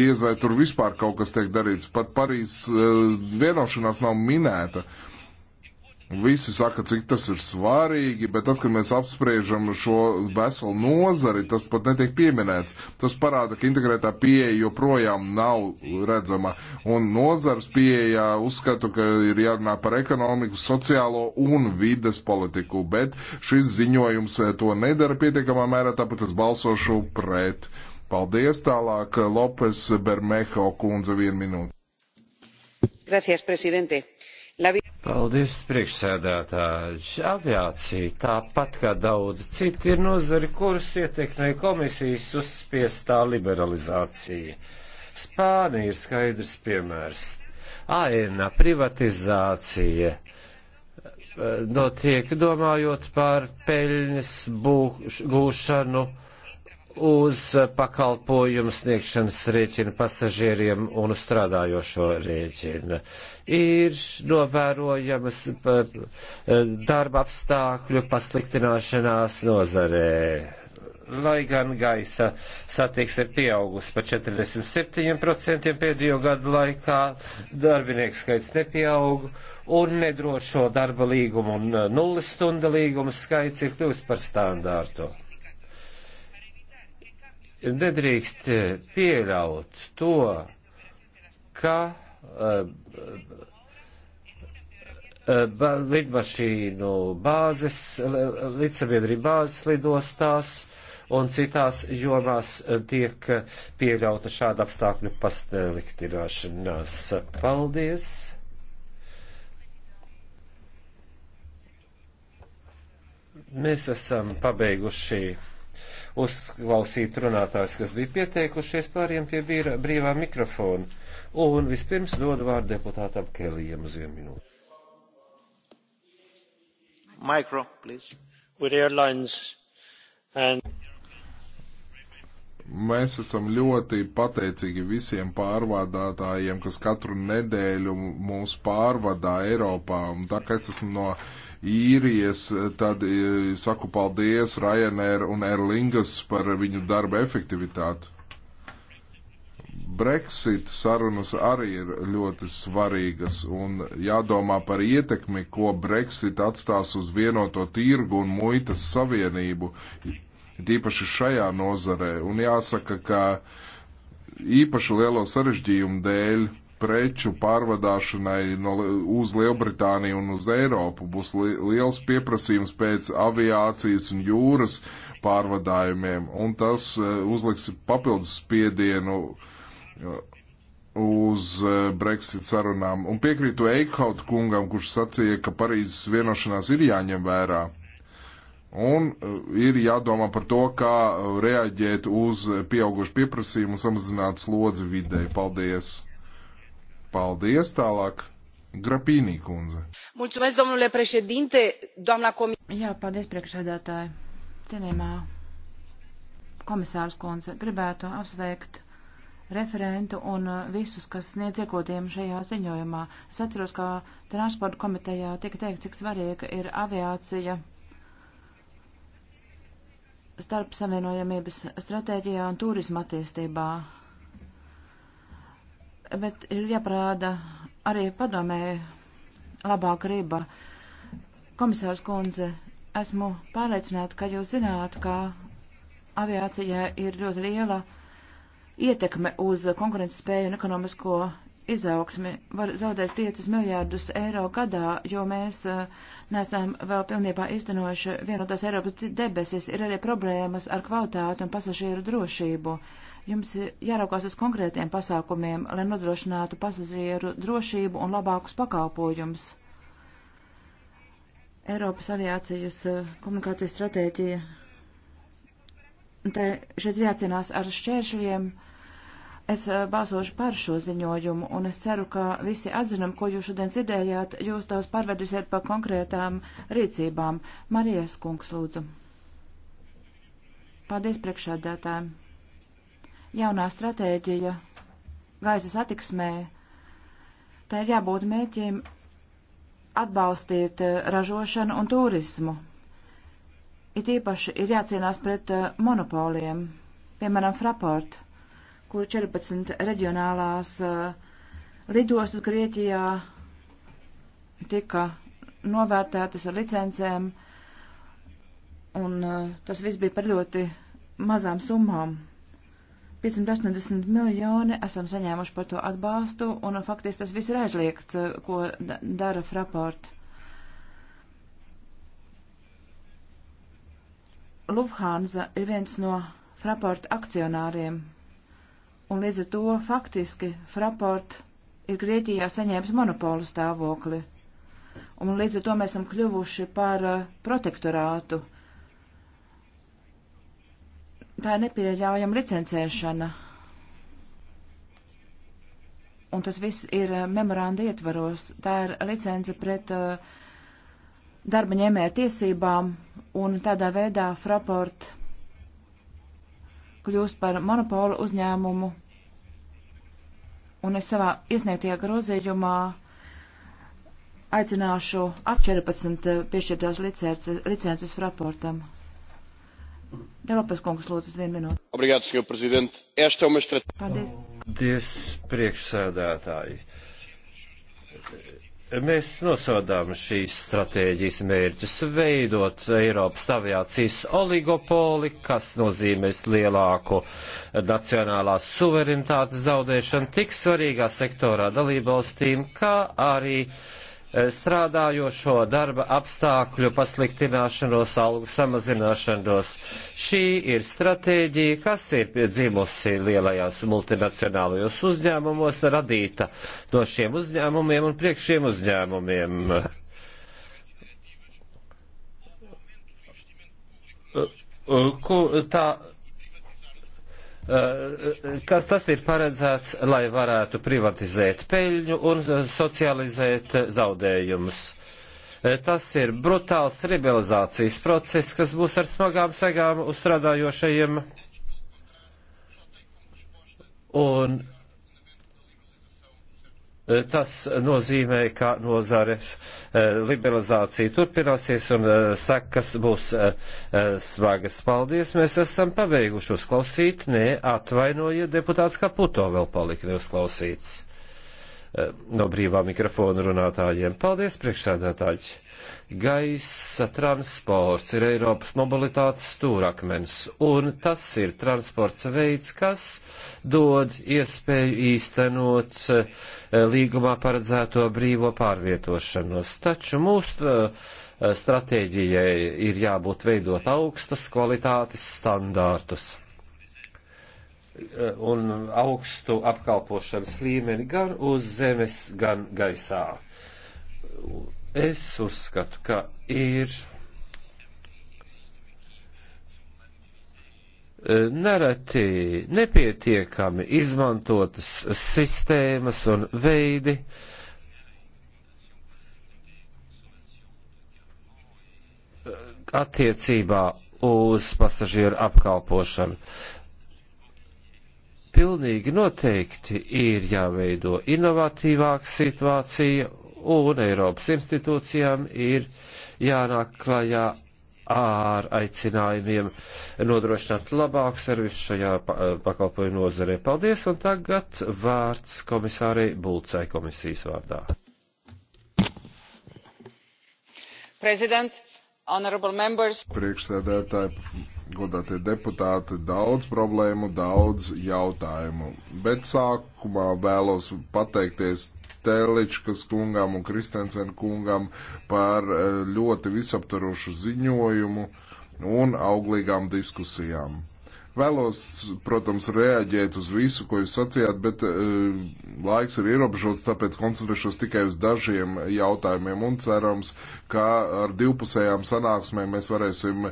diez vai tur vispār kaut kas tiek darīts. Pat Parīzes uh, vienošanās nav minēta. Uh, Visi saka, cik tas ir svarīgi, bet tad, kad mēs apspriežam šo veselu nozari, tas pat netiek pieminēts. Tas parāda, ka integrētā pieeja joprojām nav redzama. Un nozars pieejā uzskatu, ka ir jārunā par ekonomiku, sociālo un vides politiku, bet šis ziņojums to nedara pietiekamā mērā, tāpēc es balsošu pret. Paldies tālāk, Lopes Bermeho kundze, vienu minūti. Gracias, presidente. La... Paldies, priekšsēdētāji. Aviācija, tāpat kā daudz citi, ir nozari, kuras ietekmē komisijas uzspiestā liberalizācija. Spānija ir skaidrs piemērs. ANA privatizācija eh, notiek domājot par peļņas bū, gūšanu uz pakalpojumu sniegšanas rēķinu pasažieriem un strādājošo rēķinu. Ir novērojamas eh, darba apstākļu pasliktināšanās nozarē lai gan gaisa satiksme ir pieaugusi par 47% pēdējo gadu laikā, darbinieku skaits nepieaug, un nedrošo darba līgumu un nulles stunda līgumu skaits ir kļuvis par standārtu nedrīkst eh, pieļaut to, ka uh, uh, lidmašīnu bāzes, līdzsabiedrība bāzes lidostās un citās jomās tiek pieļauta šāda apstākļu pasteliktināšanās. Paldies! Mēs esam pabeiguši uzklausīt runātājs, kas bija pieteikušies pāriem pie bīra, brīvā mikrofona. Un vispirms dodu vārdu deputātam Kelijam uz vienu minūti. Micro, please. With airlines and Mēs esam ļoti pateicīgi visiem pārvadātājiem, kas katru nedēļu mūs pārvadā Eiropā. Un tā kā es esmu no īrijas, tad e, saku paldies Ryanair un Air Lingus par viņu darba efektivitāti. Brexit sarunas arī ir ļoti svarīgas un jādomā par ietekmi, ko Brexit atstās uz vienoto tirgu un muitas savienību, tīpaši šajā nozarē. Un jāsaka, ka īpaši lielo sarežģījumu dēļ preču pārvadāšanai no, uz Lielbritāniju un uz Eiropu būs li, liels pieprasījums pēc aviācijas un jūras pārvadājumiem, un tas e, uzliks papildus spiedienu e, uz e, Brexit sarunām. Un piekrītu Eikhaut kungam, kurš sacīja, ka Parīzes vienošanās ir jāņem vērā. Un ir jādomā par to, kā reaģēt uz pieaugušu pieprasījumu un samazināt slodzi vidē. Paldies! Paldies tālāk. Grapīnī kundze. Mulțumesc, domnule președinte, doamna comisar. Jā, paldies, priekšsēdētāji. Cienījumā komisārs kundze gribētu apsveikt referentu un uh, visus, kas sniedz iekotījumu šajā ziņojumā. Es atceros, ka transporta komitejā tika teikt, cik svarīga ir aviācija starp savienojamības stratēģijā un turisma attīstībā bet ir jāprāda arī padomē labā griba. Komisārs kundze, esmu pārliecināta, ka jūs zināt, ka aviācijā ir ļoti liela ietekme uz konkurences spēju un ekonomisko izaugsmi. Var zaudēt 5 miljārdus eiro gadā, jo mēs eh, nesam vēl pilnībā iztenojuši vienotās Eiropas debesis. Ir arī problēmas ar kvalitāti un pasažieru drošību. Uh, Jums ir jāraukās uz konkrētiem pasākumiem, lai nodrošinātu pasažieru drošību un labākus pakalpojumus. Eiropas aviācijas eh, komunikācijas stratēģija. Te šeit jācīnās ar šķēršļiem. Es eh, balsošu par šo ziņojumu, un es ceru, ka visi atzinumi, ko jūs šodien dzirdējāt, jūs tos pārvedīsiet par konkrētām rīcībām. Marijas kungs, lūdzu. Paldies priekšādātājiem jaunā stratēģija gaisa satiksmē. Tā ir jābūt mēķiem atbalstīt eh, ražošanu un turismu. It īpaši ir jācīnās pret eh, monopoliem, piemēram, Fraport, kur 14 reģionālās eh, lidostas Grieķijā tika novērtētas ar licencēm, un tas viss bija par ļoti mazām summām. 580 miljoni esam saņēmuši par to atbalstu, un faktiski tas viss ir aizliegts, eh, ko dara Fraport. Lufthansa ir viens no Fraport akcionāriem, un līdz ar to faktiski Fraport ir Grieķijā saņēmis monopolu stāvokli, un līdz ar to mēs esam kļuvuši par eh, protektorātu tā ir nepieļaujama licencēšana. Un tas viss ir eh, memoranda ietvaros. Tā ir licence pret uh, darba ņēmēja tiesībām, un tādā veidā Fraport kļūst par monopolu uzņēmumu. Un es savā iesniegtajā grozījumā aicināšu ap 14 eh, piešķirtās licences Fraportam. Delopas kungs, lūdzu, uz vienu minūti. Obrigāts, jo prezident, ešta uma stratēģija. Paldies. Paldies, priekšsēdētāji. Mēs nosodām šīs stratēģijas mērķus veidot Eiropas aviācijas oligopoli, kas nozīmēs lielāku nacionālās suverenitātes zaudēšanu tik svarīgā sektorā dalībvalstīm, kā arī uh, strādājošo darba apstākļu pasliktināšanos, algu samazināšanos. Šī ir stratēģija, kas ir dzimusi lielajās multinacionālajos uzņēmumos, radīta no šiem uzņēmumiem un priekš šiem uzņēmumiem. Ko, tā, kas tas ir paredzēts, lai varētu privatizēt peļņu un socializēt zaudējumus. Tas ir brutāls rebelizācijas process, kas būs ar smagām segām uzstrādājošajiem. Un Tas nozīmē, ka nozares eh, liberalizācija turpināsies un eh, sekas būs eh, smagas. Paldies, mēs esam pabeiguši uzklausīt. Nē, atvainojiet, deputāts Kaputo vēl palika neuzklausīts. Eh, no brīvā mikrofona runātājiem. Paldies, priekšsēdētāji! Gaisa transports ir Eiropas mobilitātes stūrakmens, un tas ir transports veids, kas dod iespēju īstenot eh, līgumā paredzēto brīvo pārvietošanos. Taču mūsu eh, stratēģijai ir jābūt veidot augstas kvalitātes standārtus Eh, un augstu apkalpošanas līmeni gan uz zemes, gan gaisā. Es uzskatu, ka ir eh, nereti nepietiekami izmantotas sistēmas un veidi, eh, attiecībā uz pasažieru apkalpošanu pilnīgi noteikti ir jāveido inovatīvāka situācija, un Eiropas institūcijām ir jānāk klajā ar aicinājumiem nodrošināt labāku servisu šajā pakalpojumu nozarē. Paldies, un tagad vārds komisārei Bulcai komisijas vārdā. President, honorable members. Priekšsēdētāji, godātie deputāti, daudz problēmu, daudz jautājumu. Bet sākumā vēlos pateikties Teličkas kungam un Kristensen kungam par eh, ļoti visaptarošu ziņojumu un auglīgām diskusijām. Vēlos, protams, reaģēt uz visu, ko jūs sacījāt, bet uh, laiks ir ierobežots, tāpēc koncentrēšos tikai uz dažiem jautājumiem un cerams, ka ar divpusējām sanāksmēm mēs varēsim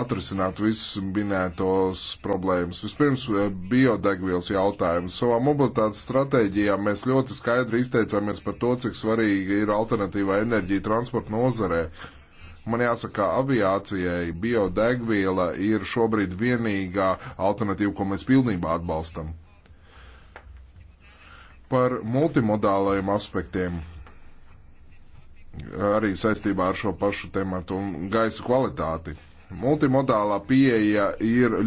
atrisināt visus minētos problēmas. Vispirms, eh, biodegvielas jautājums. Savā mobilitātes stratēģijā mēs ļoti skaidri izteicāmies par to, cik svarīgi ir alternatīvā enerģija transporta nozarē. Man jāsaka, aviācijai biodegviela ir šobrīd vienīgā alternatīva, ko mēs pilnībā atbalstam. Par multimodālajiem aspektiem arī saistībā ar šo pašu tematu un gaisa kvalitāti. Multimodālā pieeja ir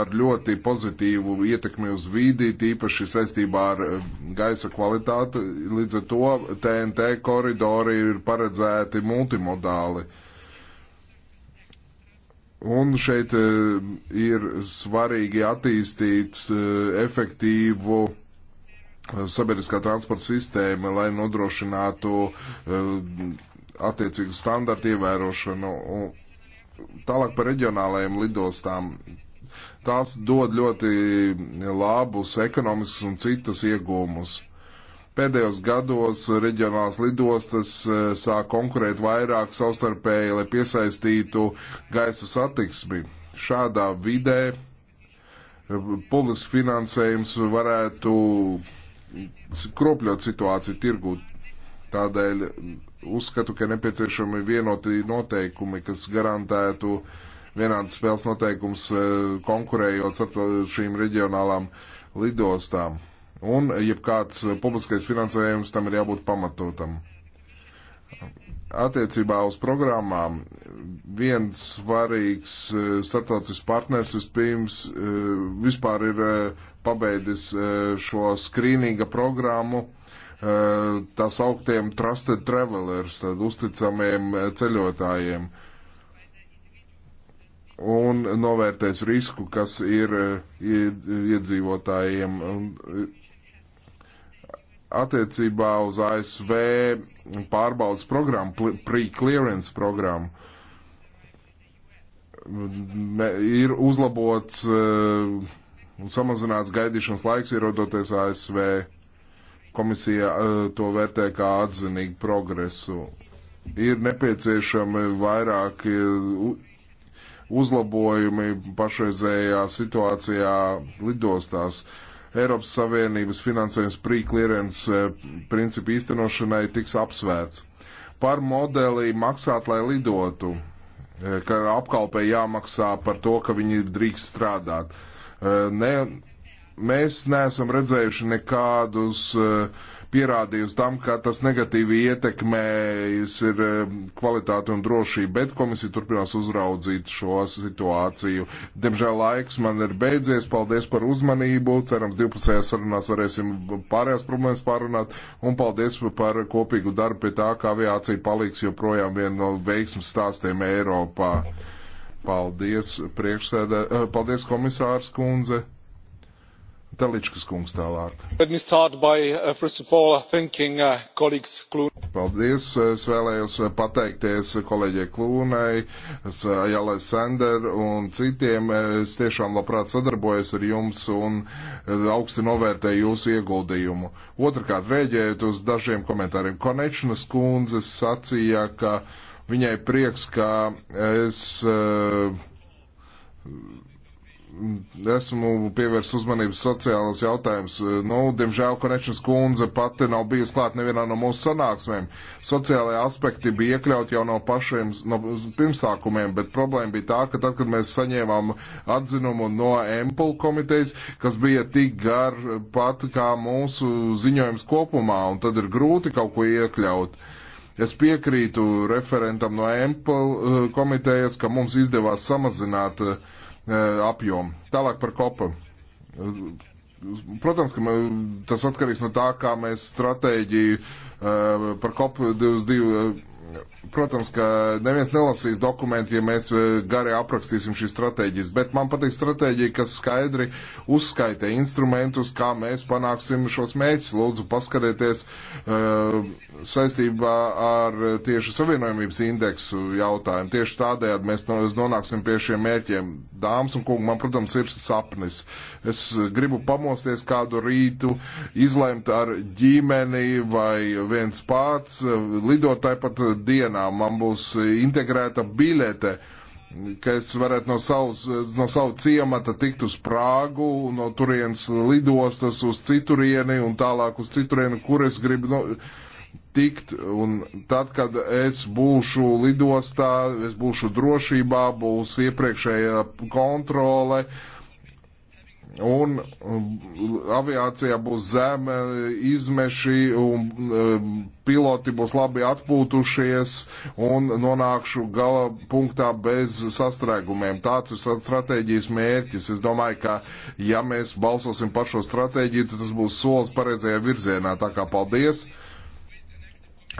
ar ļoti pozitīvu ietekmi uz vīdi, tīpaši saistībā ar eh, gaisa kvalitāti. Līdz ar to TNT koridori ir paredzēti multimodāli. Uh, Un šeit e, ir svarīgi attīstīt e, efektīvu e, sabiedriskā transporta sistēma, lai nodrošinātu attiecīgu standartu ievērošanu. Tālāk par reģionālajiem lidostām. Tās dod ļoti labus ekonomiskus un citus iegūmus. Pēdējos gados reģionālās lidostas eh, sāk konkurēt vairāk savstarpēji, lai piesaistītu gaisa satiksmi. Šādā vidē eh, publisks finansējums varētu kropļot situāciju tirgū. Tādēļ uzskatu, ka nepieciešami vienoti noteikumi, kas garantētu vienādas spēles noteikums eh, konkurējot ar šīm reģionālām lidostām un jebkāds eh, publiskais finansējums tam ir jābūt pamatotam. Attiecībā uz programmām viens svarīgs eh, starptautisks partners vispirms eh, vispār ir pabeidis šo skrīninga programmu tā sauktiem trusted travelers, tad uzticamiem ceļotājiem un novērtēs risku, kas ir iedzīvotājiem. Un, attiecībā uz ASV pārbaudas programmu, pre-clearance programmu. Ir uzlabots eh, un samazināts gaidīšanas laiks, ierodoties ASV. Komisija eh, to vērtē kā atzinīgu progresu. Ir nepieciešami vairāk uzlabojumi pašreizējā situācijā lidostās. Uh, Eiropas Savienības finansējums prīklierens eh, principu īstenošanai tiks apsvērts. Par modeli maksāt, lai lidotu, eh, ka apkalpē jāmaksā par to, ka viņi drīkst strādāt. Eh, ne, mēs neesam redzējuši nekādus uh, pierādījusi tam, ka tas negatīvi ietekmējas ir eh, kvalitāte un drošība, bet komisija turpinās uzraudzīt šo situāciju. Diemžēl laiks man ir beidzies. Paldies par uzmanību. Cerams, divpusējās sarunās varēsim pārējās problēmas pārunāt. Un paldies par kopīgu darbu pie tā, ka aviācija paliks joprojām viena no veiksmas stāstiem Eiropā. Paldies, priekšsēdē, eh, paldies komisārs kundze. Teličkas kungs tālāk. Uh, uh, Paldies! Es vēlējos uh, pateikties kolēģei Klūnai, Jālai Sender un citiem. Es tiešām labprāt sadarbojos ar jums un augsti novērtēju jūsu ieguldījumu. Otrakārt, rēģējot uz dažiem komentāriem. Konečnas kundzes sacīja, ka viņai prieks, ka es. Uh, esmu pievērs uzmanību sociālos jautājumus. Eh, nu, diemžēl Konečnas kundze pati nav bijusi klāt nevienā no mūsu sanāksmēm. Sociālajie aspekti bija iekļaut jau no pašiem no pirmsākumiem, bet problēma bija tā, ka tad, kad mēs saņēmām atzinumu no Empul komitejas, kas bija tik gar pat kā mūsu ziņojums kopumā, un tad ir grūti kaut ko iekļaut. Es piekrītu referentam no Empul eh, komitejas, ka mums izdevās samazināt uh, Eh, apjomu. Tālāk par kopu. Protams, ka tas atkarīgs no tā, kā mēs stratēģiju eh, par kopu 22 Protams, ka neviens nelasīs dokumentu, ja mēs e, gari aprakstīsim šīs stratēģijas, bet man patīk stratēģija, kas skaidri uzskaita instrumentus, kā mēs panāksim šos mērķus. Lūdzu, paskatieties uh, saistībā ar tieši savienojumības indeksu jautājumu. Tieši tādējādi mēs nonāksim pie šiem mērķiem. Dāmas un kungi, man, protams, ir sapnis. Es gribu pamosties kādu rītu, izlemt ar ģimeni vai viens pats, e, lidot tāpat dienā man būs integrēta biļete, ka es varētu no, savs, no savu ciemata tikt uz Prāgu, no turienes lidostas uz citurieni un tālāk uz citurieni, kur es gribu. No, nu, tikt, un tad, kad es būšu lidostā, es būšu drošībā, būs iepriekšējā kontrole, uh, Un um, aviācijā būs zeme, izmeši, un um, piloti būs labi atpūtušies un nonākšu gala punktā bez sastrēgumiem. Tāds ir stratēģijas mērķis. Es domāju, ka ja mēs balsosim par šo stratēģiju, tad tas būs solis pareizajā virzienā. Tā kā paldies!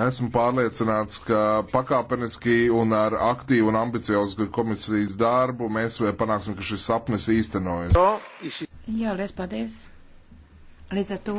Esmu pārliecināts, ka pakāpeniski un ar aktīvu un ambiciozu komisijas darbu mēs panāksim, ka šis sapnis īstenojas. Jā, liels paldies. Līdz ar to